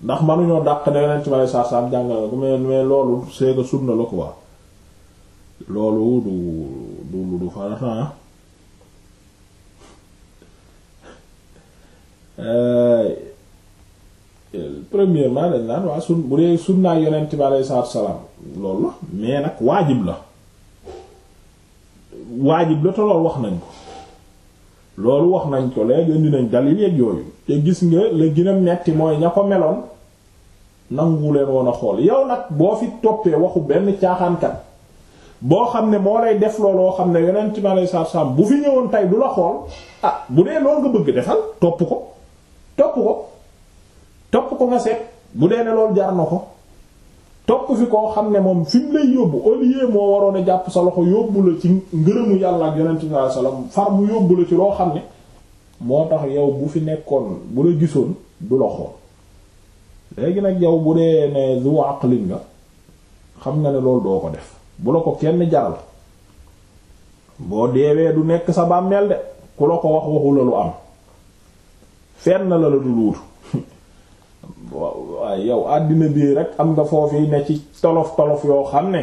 ndax mënuñoo dàq ne yeneen ma lay saa saa jàngal ko mais mais loolu c'est que sunna la quoi loolu du du du farata Euh, premièrement dañ naan waa sun bu dee sunnaa yonent bi alayhi salaatu salaam loolu la mais nag waajib la waajib la te loolu wax nañ ko loolu wax nañ ko léegi indi nañ dalil yeeg yooyu te gis nga la gën metti mooy ña ko meloon nangu leen woon a xool yow nag boo fi toppee waxu benn caaxaankat boo xam ne moo lay def looloo xam ne yonent bi alayhi salaatu salaam bu fi ñëwoon tey du la xool ah bu dee loo nga bëgg defal topp ko. topp ko topp ko nga seet bu dee ne loolu jar na ko topp fi koo xam ne moom fi lay yóbbu au lieu moo waroon a jàpp sa loxo yóbbu la ci ngërëmu yàlla ak yonent bi sallallahu mu yóbbu la ci loo xam ne moo tax yow bu fi nekkoon bu la gisoon du nag yow bu dee ne zu aqlin nga xam nga ne loolu doo ko def bu la ko kenn jaral boo deewee du nekk sa bàmmeel de ku la ko wax waxu lu am fenn la la dul wutu waaye yow àddina bii rek am nga foofu ne ci tolof tolof yoo xam ne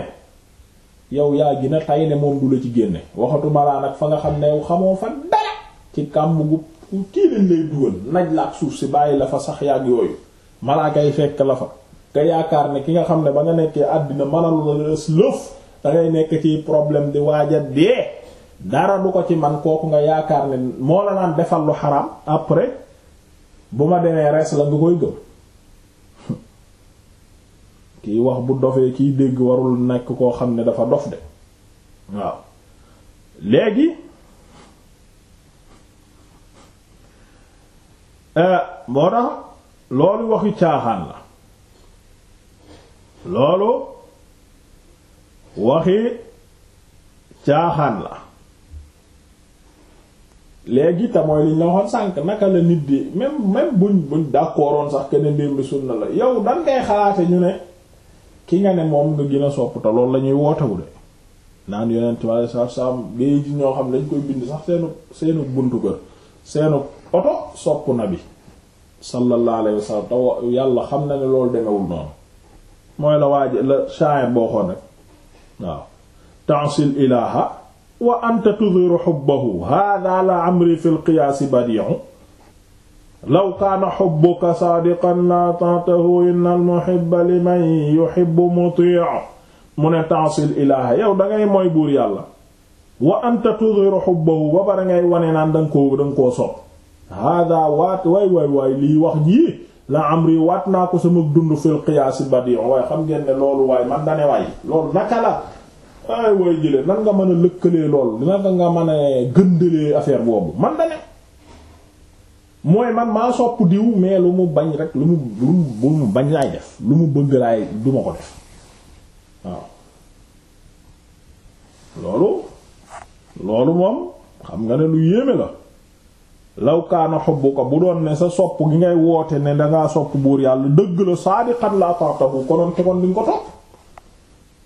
yow yaa gina tay ne moom du la ci génne waxatu balaa nag fa nga xam ne yow xamoo fa dara ci kàmm gu kii lañ lay dugal naj la ak suuf si bàyyi la fa sax yàgg yooyu malaaka yi fekk la fa te yaakaar ne ki nga xam ne ba nga nekkee àddina mënal la lëf dangay nekk ci problème di waaja dee dara du ko ci man kooku nga yaakaar ne moo la naan defal lu xaraam après bu ma demee res la nga koy gëm kiy wax bu dofee kiy dégg warul nekk koo xam ne dafa dof de waaw léegi eh, moo tax loolu waxi caaxaan la loolu waxi caaxaan la léegi te mooy liñ la waxoon sànq naka la nit di même même buñ buñ d'accordoon sax que ne mbir mi la yow dan ngay xalaate ñu ne ki nga ne moom nga gën a sopp te loolu la ñuy wootewu de naan yonent ma sa sam ngay gis ñoo xam ne dañ koy bind sax seenu seenu buntu kër seenu oto sopp na bi sallallahu alayhi wa sallam yàlla xam na ne loolu demewul noonu mooy la waaj la shaayam boo xoon rek waaw ta'sil ilaha wa anta tudhiru hubbahu hadha la amri fi lqiyaasi badi'u law kaana hubbuka saadiqan la ta'tahu inna al-muhibba liman yuhibbu muti'u mu ne ta'sil ilaaha yow dangay mooy buur yàlla wa anta tudhiru hubbahu ba bara ngay wane naan danga koo danga koo sopp hada waat waay waay waay lii wax jii la amri waat naa ko sama dund fil qiyaasi badi'u waaye xam ngeen ne loolu waay man dane waay loolu naka la ay way jëlee nan nga mën a lëkkalee loolu nan nga mën a gëndalee affaire boobu man da ne mooy man maa sopp diw mais lu mu bañ rek lu mu lu mu bañ laay def lu mu bëgg laay duma ko def waaw loolu loolu moom xam nga ne lu yéeme la law kaana ko bu doon ne sa sopp gi ngay woote ne dangaa sopp buur yàlla dëgg la saadiqan la ta'tahu konoon te kon di nga ko topp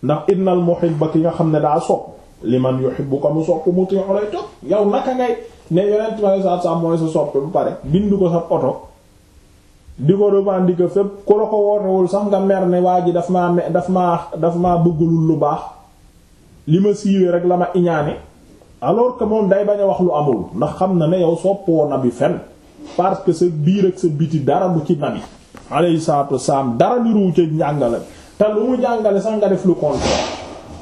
ndax innal ba ki nga xam ne daa sopp li man yuhibbu ko mu sopp mu tiixu lay topp yow naka ngay ne yonent ma sa sa mooy sopp bu pare bindu ko sa oto di ko revendiquer ko wootewul sax nga mer ne waa ji daf maa me dafa ma daf maa bëggalul lu baax li ma siiwee rek la ma iñaane alors que moom day bañ a wax lu amul ndax xam na ne yow soppoo na bi fen parce que sa biir ak sa biti dara du ci nabi alayhi salaatu wasalaam dara niru ca njàngale te lu mu jàngale sax nga def lu contraire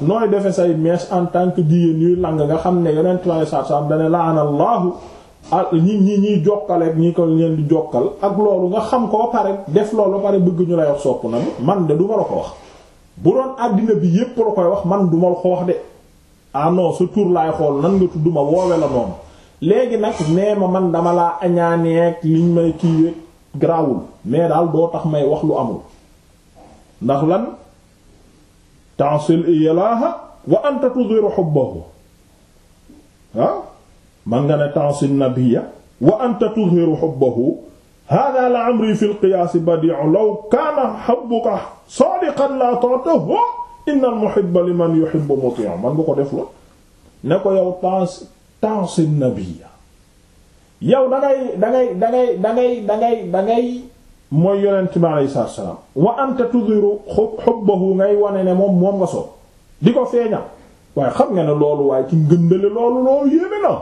nooy defe say mees en tant que jigéen yuy lang nga xam ne yonent sallallahu alayhi wasallam dane la'ana Allahu ñi ñuy jokkale ak ñi ko leen di jokkal ak loolu nga xam ko ba pare def loolu pare bëgg ñu lay wax sopp na man de du ma la ko wax bu doon àddina bi yépp la koy wax man du ma la ko wax de ah non sa tur laay xool nan nga tudd ma woowe la noonu léegi nag nee ma man dama laa añaaneeg liñ may kii grawul mais daal doo tax may wax lu amul ndax lan ta'sil iyalaha wa anta tudhiru hubbahu ah man nga ne ta'sil nabiyya wa anta tudhiru hubbahu hada la amri fi lqiyaasi badiu law kaana hubbuka sadiqan la ta'tahu inna al muhibba liman yuhibbu muti' man nga ko def la ne ko yow tans tansil nabiyya yow da ngay da ngay da ngay da ngay da ngay da ngay mooy yonent bi aleyhi salaatu wa salaam wa anta tudhiru hubbahu ngay wane ne moom moom nga soog di ko feeñal waaye xam nga ne loolu waaye ci ngëndale loolu loolu yéeme na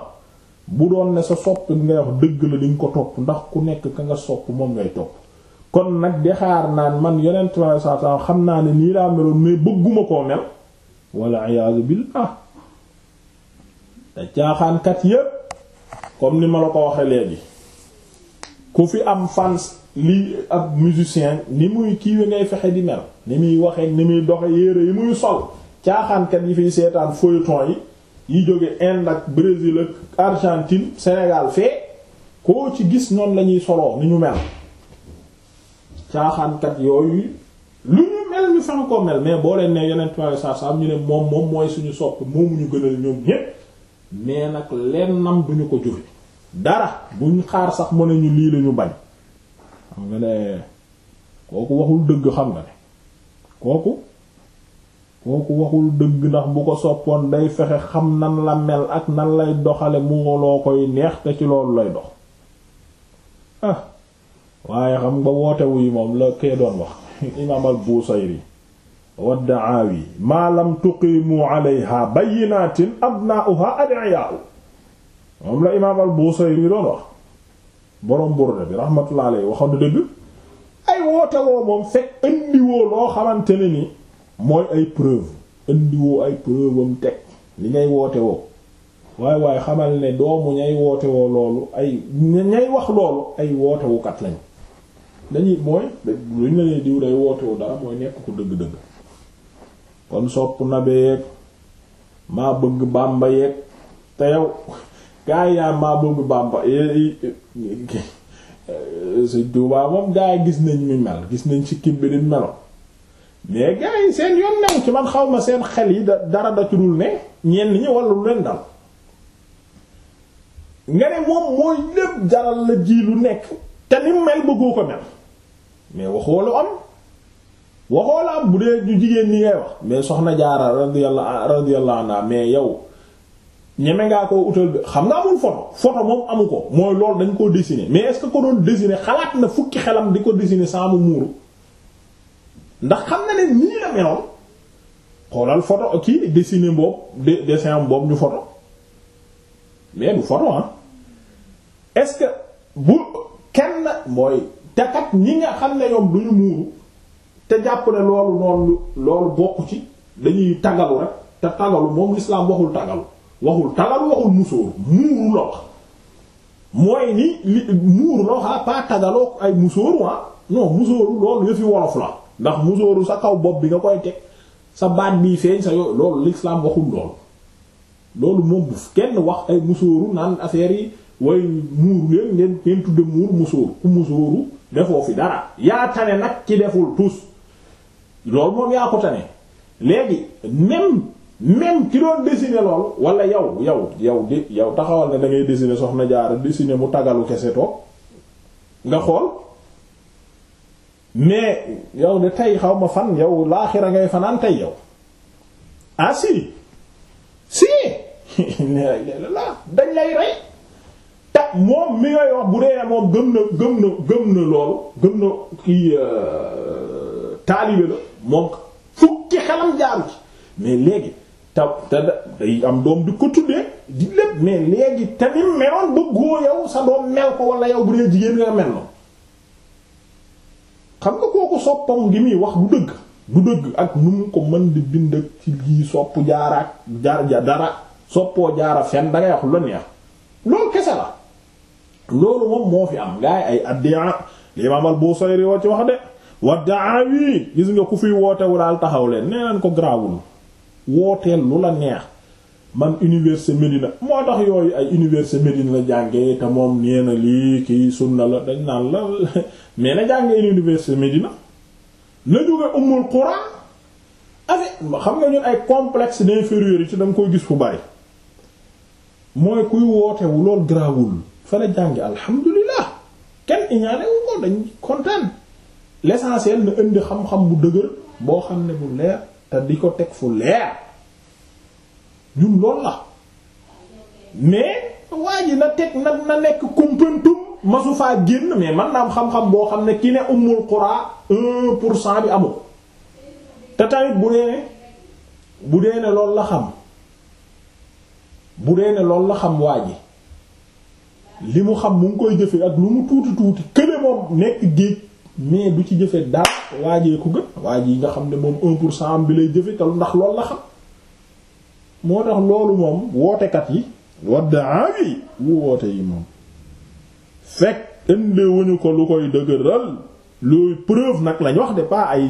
bu doon ne sa sopp ngay wax dëgg la di nga ko topp ndax ku nekk ka nga sopp moom ngay topp kon nag di xaar naan man yonent bi aleyhi salaatu salaam xam naa ne nii laa meloon mais bëgguma koo mel walla iyaazu billah te caaxaankat yépp comme ni ma la ko waxee léegi ku fi am fans lii ab musicien ni muy kiiwe ngay fexe di mel ni muy waxee ni muy doxe yére yi muy sol caaxaankat yi fiy seetaan feuilleton yi yi jóge Inde ak Brésil ak Argentine Sénégal fee koo ci gis noonu lañuy soloo ni ñu mel caaxaankat yooyu lu ñu mel ñu fexe koo mel mais boo leen ne yeneen trois cent ñu ne moom moom mooy suñu sopp moomu ñu gënal ñoom ñépp mais nag lennam duñu ko joxe dara buñ xaar sax mu ne ñu lii lañu bañ xam nga ne kooku waxul dëgg xam nga ne kooku kooku waxul dëgg ndax bu ko soppoon day fexe xam nan la mel ak nan lay doxale mu loo koy neex te ci loolu lay dox ah waaye xam nga wootewu yi moom la kee doon wax <laughs> imaam al Busayri waddaawi maa lam tuqimu alayha bayyinatin abna'uha adiyaa'u moom la imaam al Busayri doon wax borom Burda bi rahmatullah alayhi waxoon dëgg ay woote moom fekk indiwoo loo xamante ne ni mooy ay preuve indiwoo ay preuve am teg li ngay woote woo waaye waaye xamal ne doomu ñay woote loolu ay ñay wax loolu ay wootewukat lañ dañuy mooy luñ la ne diw day wootewu dara mooy nekk ko dëgg-dëgg kon sopp na beeg maa bëgg Bàmba yeeg te yow gaa yi naan maa bëgg Bamba eh, eh, Sëñ Tuubaa gaa yi gis nañ mi mel gis nañ ci kim bi ni meloon mais gaa yi seen yoon new ci man xaw ma seen xel yi dara da ci dul ne ñenn ñi walla lu leen dal nga ne moom mooy lépp jaral la ji lu nekk te ni mel bëggoo ko mel mais waxoo lu am waxoo la am bu dee ñu jigéen ñi ngay wax mais soxna Jaara radiyallahu radiyallahu anha mais yow. ñeme ngaa koo utal xam nga amul photo photo moom amu ko mooy lool dañ koo dessiner mais est-ce ko doon dessiner xalaat na fukki xelam di ko dessiner saa mu muuru ndax xam na ne nii la meloon xoolal photo kii dessiner boobu dessin am boobu ñu photo mais du photo ah est-ce que bu kenn mooy te kat ñi nga xam ne ñoom duñu muuru te jàpp ne loolu noonu loolu bokk ci dañuy tagalu rek te tagalu moom l'islam waxul tagalu. waxul tagal waxul musóor muuru la wax mooy ni li muuru la wax ah, pas tagaloo ay musóor ah non musóoru loolu yëfi wolof la ndax musóoru sa kaw bopp bi nga koy teg sa baat bii feeñ sa yo loolu l'islam waxul loolu loolu moom bu kenn wax ay musóoru naan affaire yi way muuru leen ngeen ngeen tudde muur musóoru ku musóoru defoo fi dara yaa tane nag ci deful tous loolu moom yaa ko tane léegi même même ki doon loolu wala yow yow yow di yow taxawal na da ngay dessiner soxna jaara dessiner mu tagalu kese toog nga xool mais yow de tey xaw ma fan yow laaxira ngay fanaan tey yow ah si si <laughs> la dañ lay rey te moom mi ngay wax bu dee moom gëm na gëm na gëm na loolu gëm na kii euh, taalibe la moom fukki xelam jaaru ci mais léegi te te day am doom di ko tuddee di lépp mais léegi tamit meloon bëggoo yow sa doom mel ko wala yow bu dee jigéen nga mel noonu xam nga kooku soppam ngi muy wax du dëgg du dëgg ak nu mu ko mën di bind ak ci lii sopp jaaraak jaar ja dara soppoo jaara fen dangay wax lu neex loolu kese la loolu moom fi am ngaay ay addiya li imaam ci wax de gis nga ku fi wootewu daal taxaw leen nee ko garaawul wooteel lu la neex man université Médina moo tax yooyu ay université Médina la jànge te moom nee na lii kii sunna la dañ naan la mais na jànge université Médina na jóge Ummul Qura avec xam na ñun ay complexe d'infériorité da nga koy gis fu bari mooy kuy wootewu lool grawul fa la jànge alhamdulilah kenn iñaane wu ko dañ kontaan l'essentiel na indi xam-xam bu dëgër boo xam ne bu leer te di ko teg fu leer ñun loolu la mais waa ji na teg na na nekk kumpantum masu faa génn mais man naa am xam-xam boo xam ne ki ne umul qura un pour cent bi amul te tamit bu dee bu dee ne loolu la xam bu dee ne loolu la xam waa ji li mu xam mu ngi koy jëfe ak lu mu tuuti tuuti këne moom nekk géej mais du ci jëfe daal waajee ko gën waaj yi nga xam ne moom un pour bi lay jëfe te ndax loolu la xam moo tax loolu moom wootekat yi wadda yi wu woote yi moom fekk indewuñu ko lu koy dëgëral luy preuve nag lañ wax de pas ay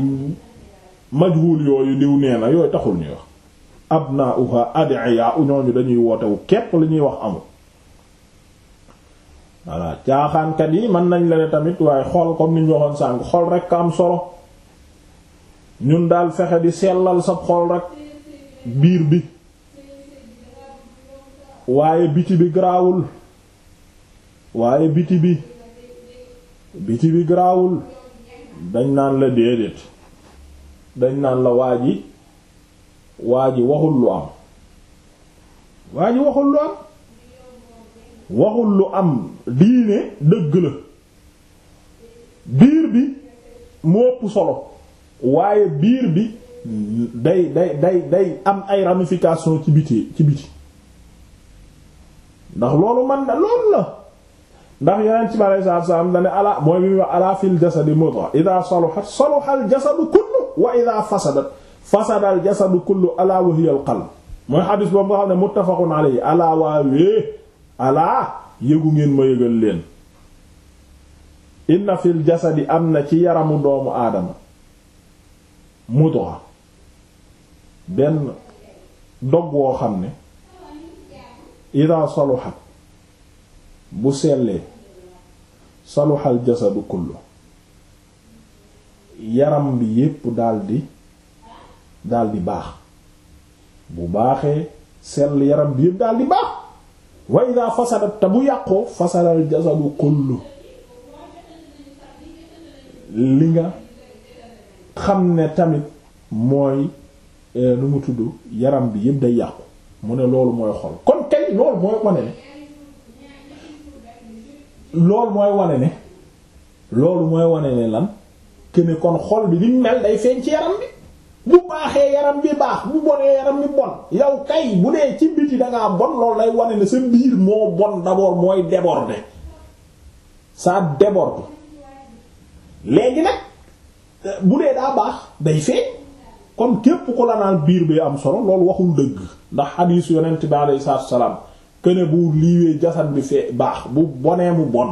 majhul yooyu diw nee na yooyu taxul ñuy wax abnauha adiya u ñooñu dañuy wootewu képp li ñuy wax amul voilà caaxaankat yi mën nañ la ne tamit waaye xol comme ni ñu sànk sànq xol rek am solo ñun daal fexe di sellal sa xol rek biir bi waaye biti bi garaawul waaye biti bi biti bi garaawul dañ naan la déedéet dañ naan la waa ji waa ji waxul lu am waa ji waxul lu am waxul lu am diine dëgg la biir bi moo ëpp solo waaye biir bi day day day day am ay ramification ci biti ci biti ndax loolu man na loolu la ndax yeneen ci bari saa saa am na ne mooy bi muy wax ala fil jasadi mudra idha saluhat saluha al wa idha fasadat fasada al jasadu kullu ala wa hiya yëgu ngeen ma yëgal leen inna fil jasadi am na ci yaramu doomu aadama mudra benn dog woo xam ne ida saluxat bu sellee saluxal jasadu kullu yaram bi yépp daldi daldi baax bu baaxee sell yaram bi yépp daldi baax wa ida fasadat te mu yàqoo fasalal jasabu kullu li nga xam ne tamit mooy lu eh, mu tudd yaram bi yëpp day yàqu mu ne loolu mooy xol kon kay loolu mooy wane ne loolu mooy wane ne lan ke ne kon xol bi ni mel day feeñ ci yaram bi bu baaxee yaram bi baax bu bonee yaram bi bon yow kay bu dee ci biti dangaa bon loolu lay wane ne sa biir moo bon d'abord mooy déborder ça déborde léegi nag bu dee daa baax day feeñ kon képp ko la naan biir bi am solo loolu waxul dëgg ndax xadiis yonent bi alayhi salaatu salaam këne bu liiwee jasad bi fee baax bu bonee mu bon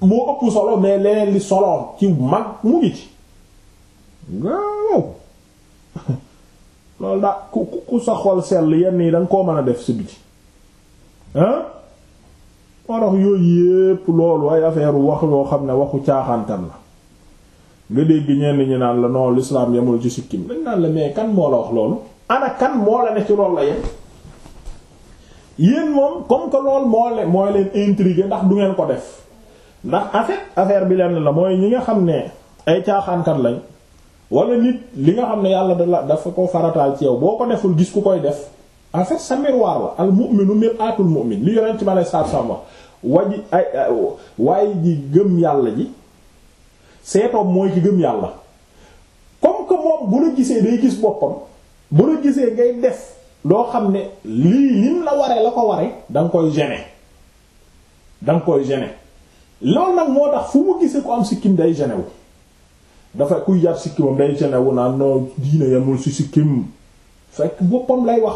moo ëpp solo mais leneen li solo ci mag mu ngi waaw <laughs> loolu daa ku ku sa xol sell yenn yi danga koo mën a def si biti hein moo tax yooyu yépp loolu ay affaire wax loo xam ne waxu caaxaantan la nga dégg ñenn ñi naan la non l'islam yamul ci sikkim dañ naan la mais kan moo la wax loolu ana kan moo la ne ci loolu la yem yéen moom comme que lool moo leen mooy ndax du ngeen ko def ndax en fait bi lenn la mooy ñi nga xam ne ay caaxaankat lañ wala nit li nga xam ne yàlla da la dafa ko farataal ci yow boo ko deful gis ku koy def en fait sa miroir la al mu'minu mir'atul mu'min li yonent ci ma lay saar sama waji ay waaye ji gëm yàlla ji seetoom mooy ki gëm yàlla comme que moom bu la gisee day gis boppam bu la gisee ngay def doo xam ne lii nin la waree la ko waree da nga koy gêner da nga koy gêner loolu nag moo tax fu mu gisee ko am sikkim day gêner dafa kuy yar sikkimam day ci newu naan noo diine yamul si sikkim fekk boppam lay wax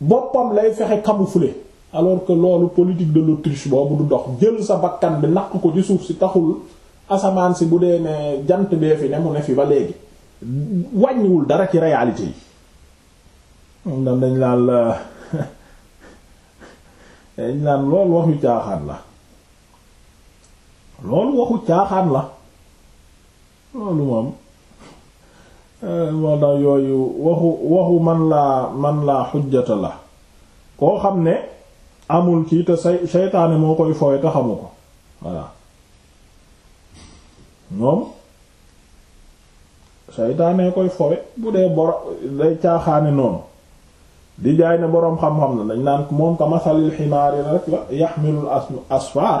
boppam lay fexe fule alors que loolu politique de l'autruche boobu du dox jël sa bakkan bi naq ko ci suuf si taxul asamaan si bu dee ne jant bee fi ne mu ne fi ba léegi wàññiwul dara ci réalité yi moom dam dañ laan la <laughs> dañ laan loolu waxu caaxaan la loolu waxu caaxaan la loolu moom euh, moo tax yooyu waxu waxu man laa man laa xujjata la koo xam ne amul kii te say seytaane moo koy fooy te xamu ko voilà moom seytaane koy fooy bu dee boro day caaxaane noonu di jaay ne boroom xam-xam la dañ naan moom ka masalil ximaari rek la yaxmilul asfar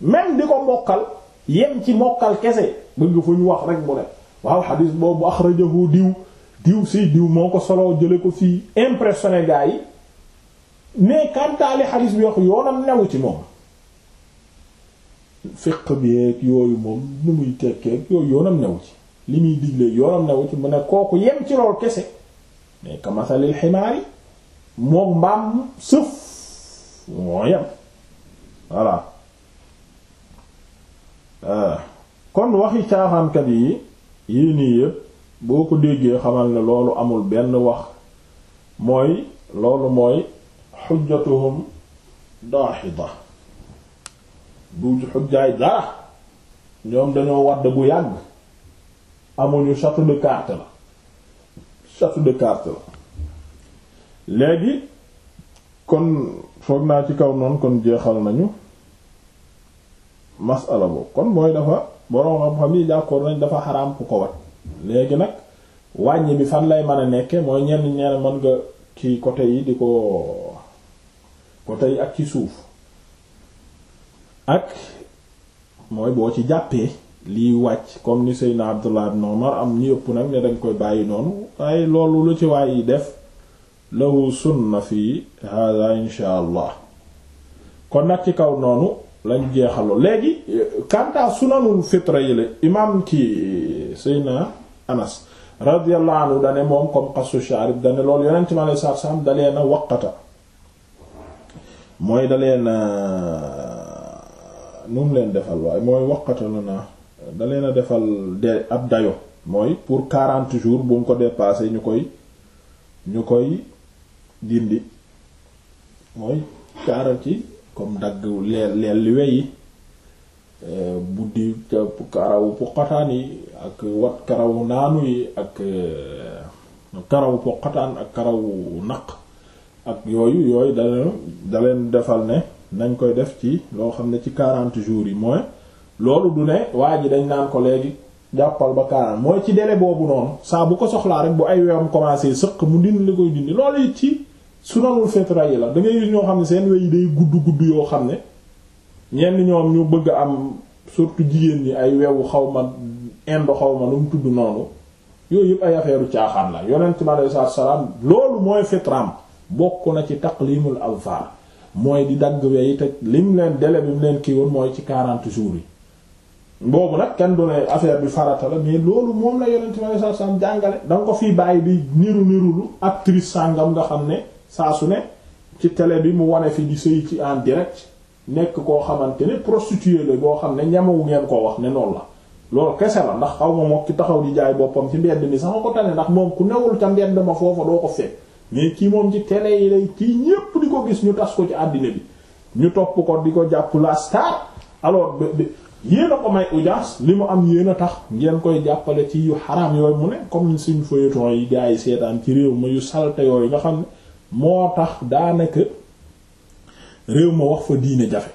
même di ko mokkal yem ci mokkal kese bëgg fu ñu wax rek mu ne waaw xadis boobu axrajahu diw diw si diw moo ko solo jële ko fii impressionné gaa yi mais kantaali xadis bi wax yoonam newu ci moom fiq bi ak yooyu moom nu muy tekkee yooyu yoonam newu ci li muy diglee yoonam newu ci mu ne kooku yem ci lool kese mais kamasalil ximaari moom mbaam sëf moo yem voilà Ah. kon waxi caaxaankat yi yii nii yëpp boo ko déggee xamal ne loolu amul benn wax mooy loolu mooy xujjatuhum daaxida du xujjaay dara ñoom dañoo wadd bu yàgg amuñu château de carte la château de carte la léegi kon foog naa ci kaw noonu kon jeexal nañu masala boobu kon mooy dafa borom xam-xam yi nañ dafa xaraam ku ko wat léegi nag wàññi bi fan lay mën a nekke mooy ñenn ñenn mën nga ci côté yi di ko côté ak ci suuf ak mooy boo ci jàppee liy wàcc comme ni Seydina Abdullah ibn am ñu yëpp nag ne dañ koy bàyyi noonu waaye loolu lu ci waay yi def lahu sunna fi hada insha allah kon nag ci kaw noonu lañ jeexaloo léegi kanta sunanul fitra yi la imaam ci Seyna Anas radiyallahu anhu dane moom comme xasu sharib dane loolu yonent ma alayhi salaatu salaam dalee na waqata mooy dalee na nu mu leen defal mooy waqata la na dalee na defal de ab dayo mooy pour quarante jours bu mu ko dépassé ñu koy ñu koy dindi mooy ci comme dagg leel leel li weyi euh, buddi karawu poqataan yi ak wat karawu naanu yi ak euh, karawu poqataan ak karawu naq ak yooyu yooyu dana da leen defal ne nañ koy def ci loo xam ne ci 40 jours yi mooy loolu du ne waa ji dañ naan ko léegi jàppal ba 40 mooy ci délai boobu noonu saa bu ko soxlaa rek bu ay weewam commencé sëq mu dindi li koy dindi loolu it ci sunanul fitra yi la da gis ñoo xam ne seen wey yi day gudd gudd yoo xam ne ñenn ñoom ñu bëgg am surtout jigéen ñi ay wewu xaw ma indo xaw ma lu mu tudd noonu yooyu yëpp ay affaire caaxaan la yonent bi aleyhi salaatu salaam mooy fitraam bokk na ci taqlimul alfaar mooy di dagg wey te lim leen délai bi mu leen kii woon mooy ci 40 jours yi. nag kenn du ne affaire bi farata la loolu moom la yonent bi aleyhi salaatu jàngale da ko fii bàyyi bi niru niru lu actrice sàngam nga xam ne. saa su ne ci télé bi mu wane fi di sëy ci en direct nekk koo xamante ne prostituée la boo xam ne ñamawu ngeen koo wax ne noonu la loolu kese la ndax xaw ma mook ki taxaw di jaay boppam ci mbedd mi sax ko tane ndax moom ku newul ca mbedd ma foofa doo ko fekk mais kii moom ci télé yi lay kii ñépp di ko gis ñu tas ko ci àddina bi ñu topp ko di ko jàpp la star alors yéen a ko may audience li mu am yéen a tax ngeen koy jàppale ci yu xaraam yooyu mu ne comme suñ feuilleton yi gars yi seetaan ci réew ma yu salte yooyu nga xam ne moo tax daanaka réew ma wax fa diine jafe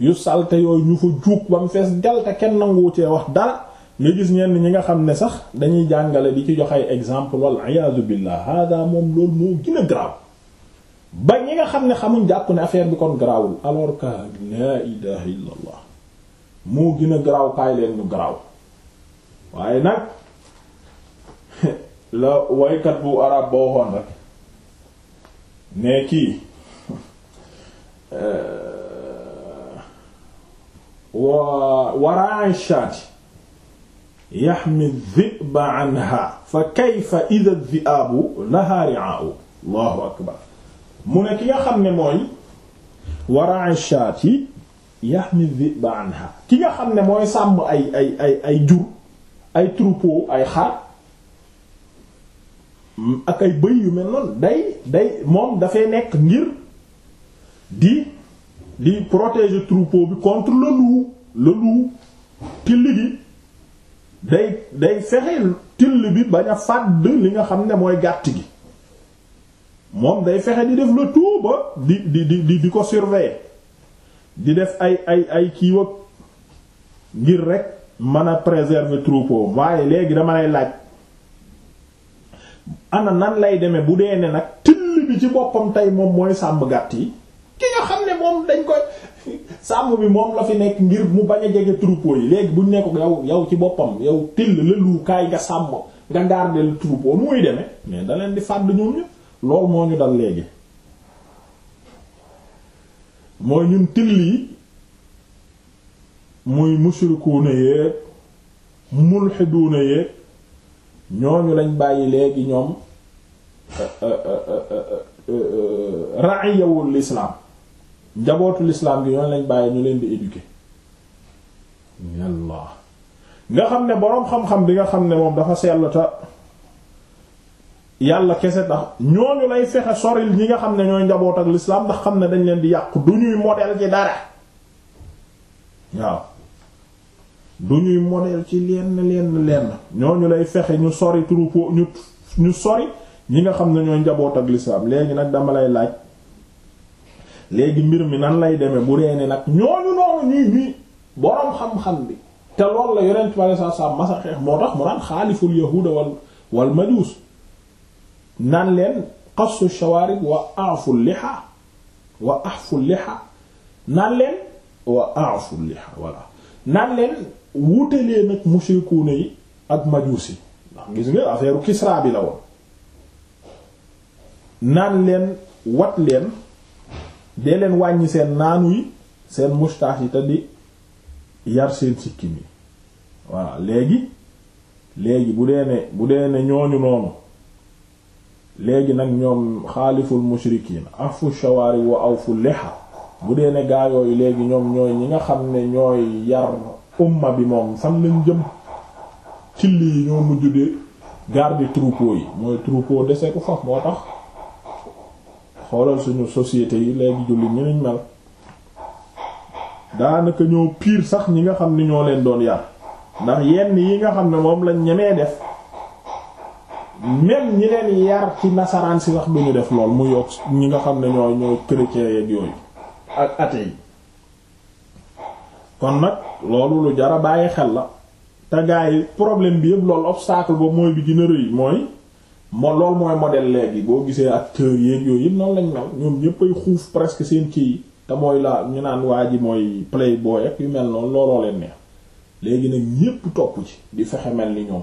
yu salte yooyu ñu fa juug ba mu fees dal kenn nanguwu cee wax dara nga gis ñenn ñi nga xam ne sax dañuy jàngale di ci jox ay exemple wal iyaazu billah hada moom loolu moo gën a garaaw ba ñi nga xam ne xamuñ jàpp ne affaire bi kon garaawul alors que la ilaha illallah moo gën a garaaw kaay leen ñu garaaw waaye nag <laughs> la waykat bu arab boo xoon rek mais kii euh, wa waraan shaati yaxmi dhiba anha fa kayfa idha dhi'aabu laha ri'aa'u allahu akbar mu ne ki nga xam ne mooy waraan shaati yaxmi dhiba anha ki nga xam ne mooy sàmm ay ay ay ay jur ay troupeau ay xar ak ay bëy yu mel noonu day day moom dafay nekk ngir di di protéger troupeau bi contre le loup le loup till bi day day fexe till bi bañ a fàdd li nga xam ne mooy gàtt gi moom day fexe di def le tout ba di di di di ko surveiller di def ay ay ay kiiwag ngir rek mën a préserver troupeau waaye léegi dama lay laaj ana nan lay demee bu dee ne nag till bi ci boppam tey moom mooy sàmm gàtt yi ki nga xam ne moom dañ koy sàmm bi moom la fi nekk ngir mu bañ a jege troupeau yi léegi buñ nekk yaw yow ci boppam yow till la luukaay nga sàmm nga gardeel troupeau muy demee mais da leen di fàdd ñoom ñu lool moo ñu dal léegi mooy ñun till yi muy mushrikuuna yépp mulhiduuna yépp ñooñu lañ bàyyi léegi ñoom euh, euh, euh, raiyawul l'islam njabootu lislaam gi ñooñu lañ bàyyi ñu leen di éduquer yàlla nga xam ne boroom xam-xam bi nga xam ne moom dafa sell ta yàlla kese tax ñooñu lay fexe soril ñi nga xam ne ñooy njaboot ak l'islam ndax xam ne dañ leen di yàqu du ñuy modèle ci dara waaw du ñuy modèle ci lenn lenn lenn ñu lay fexe ñu sori troupeau ñu ñu sori ñi nga xam ne ñooy njaboot ak lislaam léegi nag dama lay laaj léegi mbir mi nan lay demee bu reeni nag ñooñu noonu ñuy ñuy boroom xam-xam bi te loolu la yonent bi saa saa masa moo tax mu naan xaaliful yahuuda wal wal majuus naan leen qassu shawaarib wa a'fu liha wa ahfu liha naan leen wa a'fu liha voilà naan leen wutelee nag mushrikuuna yi ak majuusi ndax gis nga affaire Kisra la woon naan leen wat leen dee leen wàññi seen naanu yi seen moustache yi te di yar seen sikkim yi voilà léegi léegi bu dee ne bu dee ne ñooñu noonu léegi nag ñoom xaaliful mushrikiin afu shawaari wa awfu liha bu dee ne gaa yooyu léegi ñoom ñooy ñi nga xam ne ñooy yar umma bi moom fan lañ jëm till yi ñoo mujj di garder troupeau yi mooy troupeau desetu fa moo tax xoolal suñu société yi léegi jullit ñu niñ mel daanaka ñoo piir sax ñi nga xam ni ñoo leen doon yar ndax yenn yi nga xam ne moom lañ ñemee def même ñi leen yar ci nasaraan si wax duñu def lool mu yokk ñi nga xam ne ñoo ñoo chrétien yeeg yooyu ak athée yi kon nag loolu lu jara bàyyi xel la te yi problème bi yëpp loolu obstacle ba mooy bi gën a rëy mooy moo loolu mooy modèle léegi boo gisee acteurs yeeg yooyu yëpp noonu lañ mel ñoom ñépp ay xuuf presque seen kii te mooy la ñu naan waa ji mooy playboy ak yu mel noonu looloo leen neex léegi nag ñépp topp ci di fexe mel ni ñoom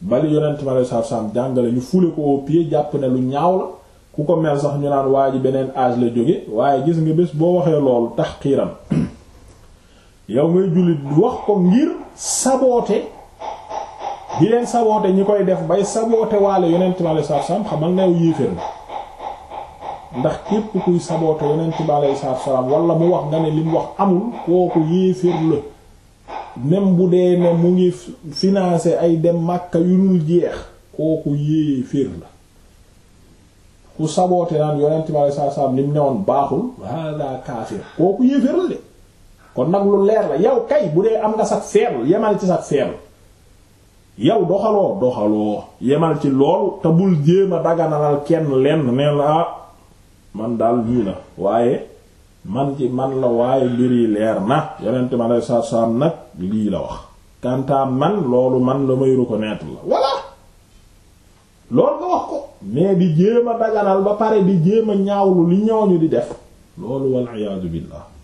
bali yonent ma sallallahu alayhi wasallam jàngale ñu fule ko au pied jàpp ne lu ñaaw la ku ko mel sax ñu naan waa ji beneen âge la jóge waaye gis nga bés boo waxee loolu tax xiiram yow ngay jullit wax ko ngir saboote di leen saboote ñi koy def bay saboote waale yonent bi alayhi salaam xamal na yow yéeféer na ndax képp kuy saboote yonent bi alayhi salaam wala mu wax nga ne li mu wax amul kooku yéeféer la même bu dee ne mu ngi financer ay dem Makka yu dul jeex kooku yéeféer la ku saboote naan yonent bi alayhi salaam li mu newoon baaxul hada kaafir kooku yéeféer la de kon nag lu leer la yow kay bu dee am nga sax faible yemal ci sax faible yow doxaloo doxaloo yemal ci lool te bul jéem a daganalal kenn lenn nee la ah, man daal nii la waaye man ci man la waaye mbir leer na yonent ma lay saar nag lii la wax kantaan man loolu man la may reconnaître la voilà loolu nga wax ko mais di jéem daganal ba pare bi jéem a ñaawlu li ñu di def loolu wal iyaadu billah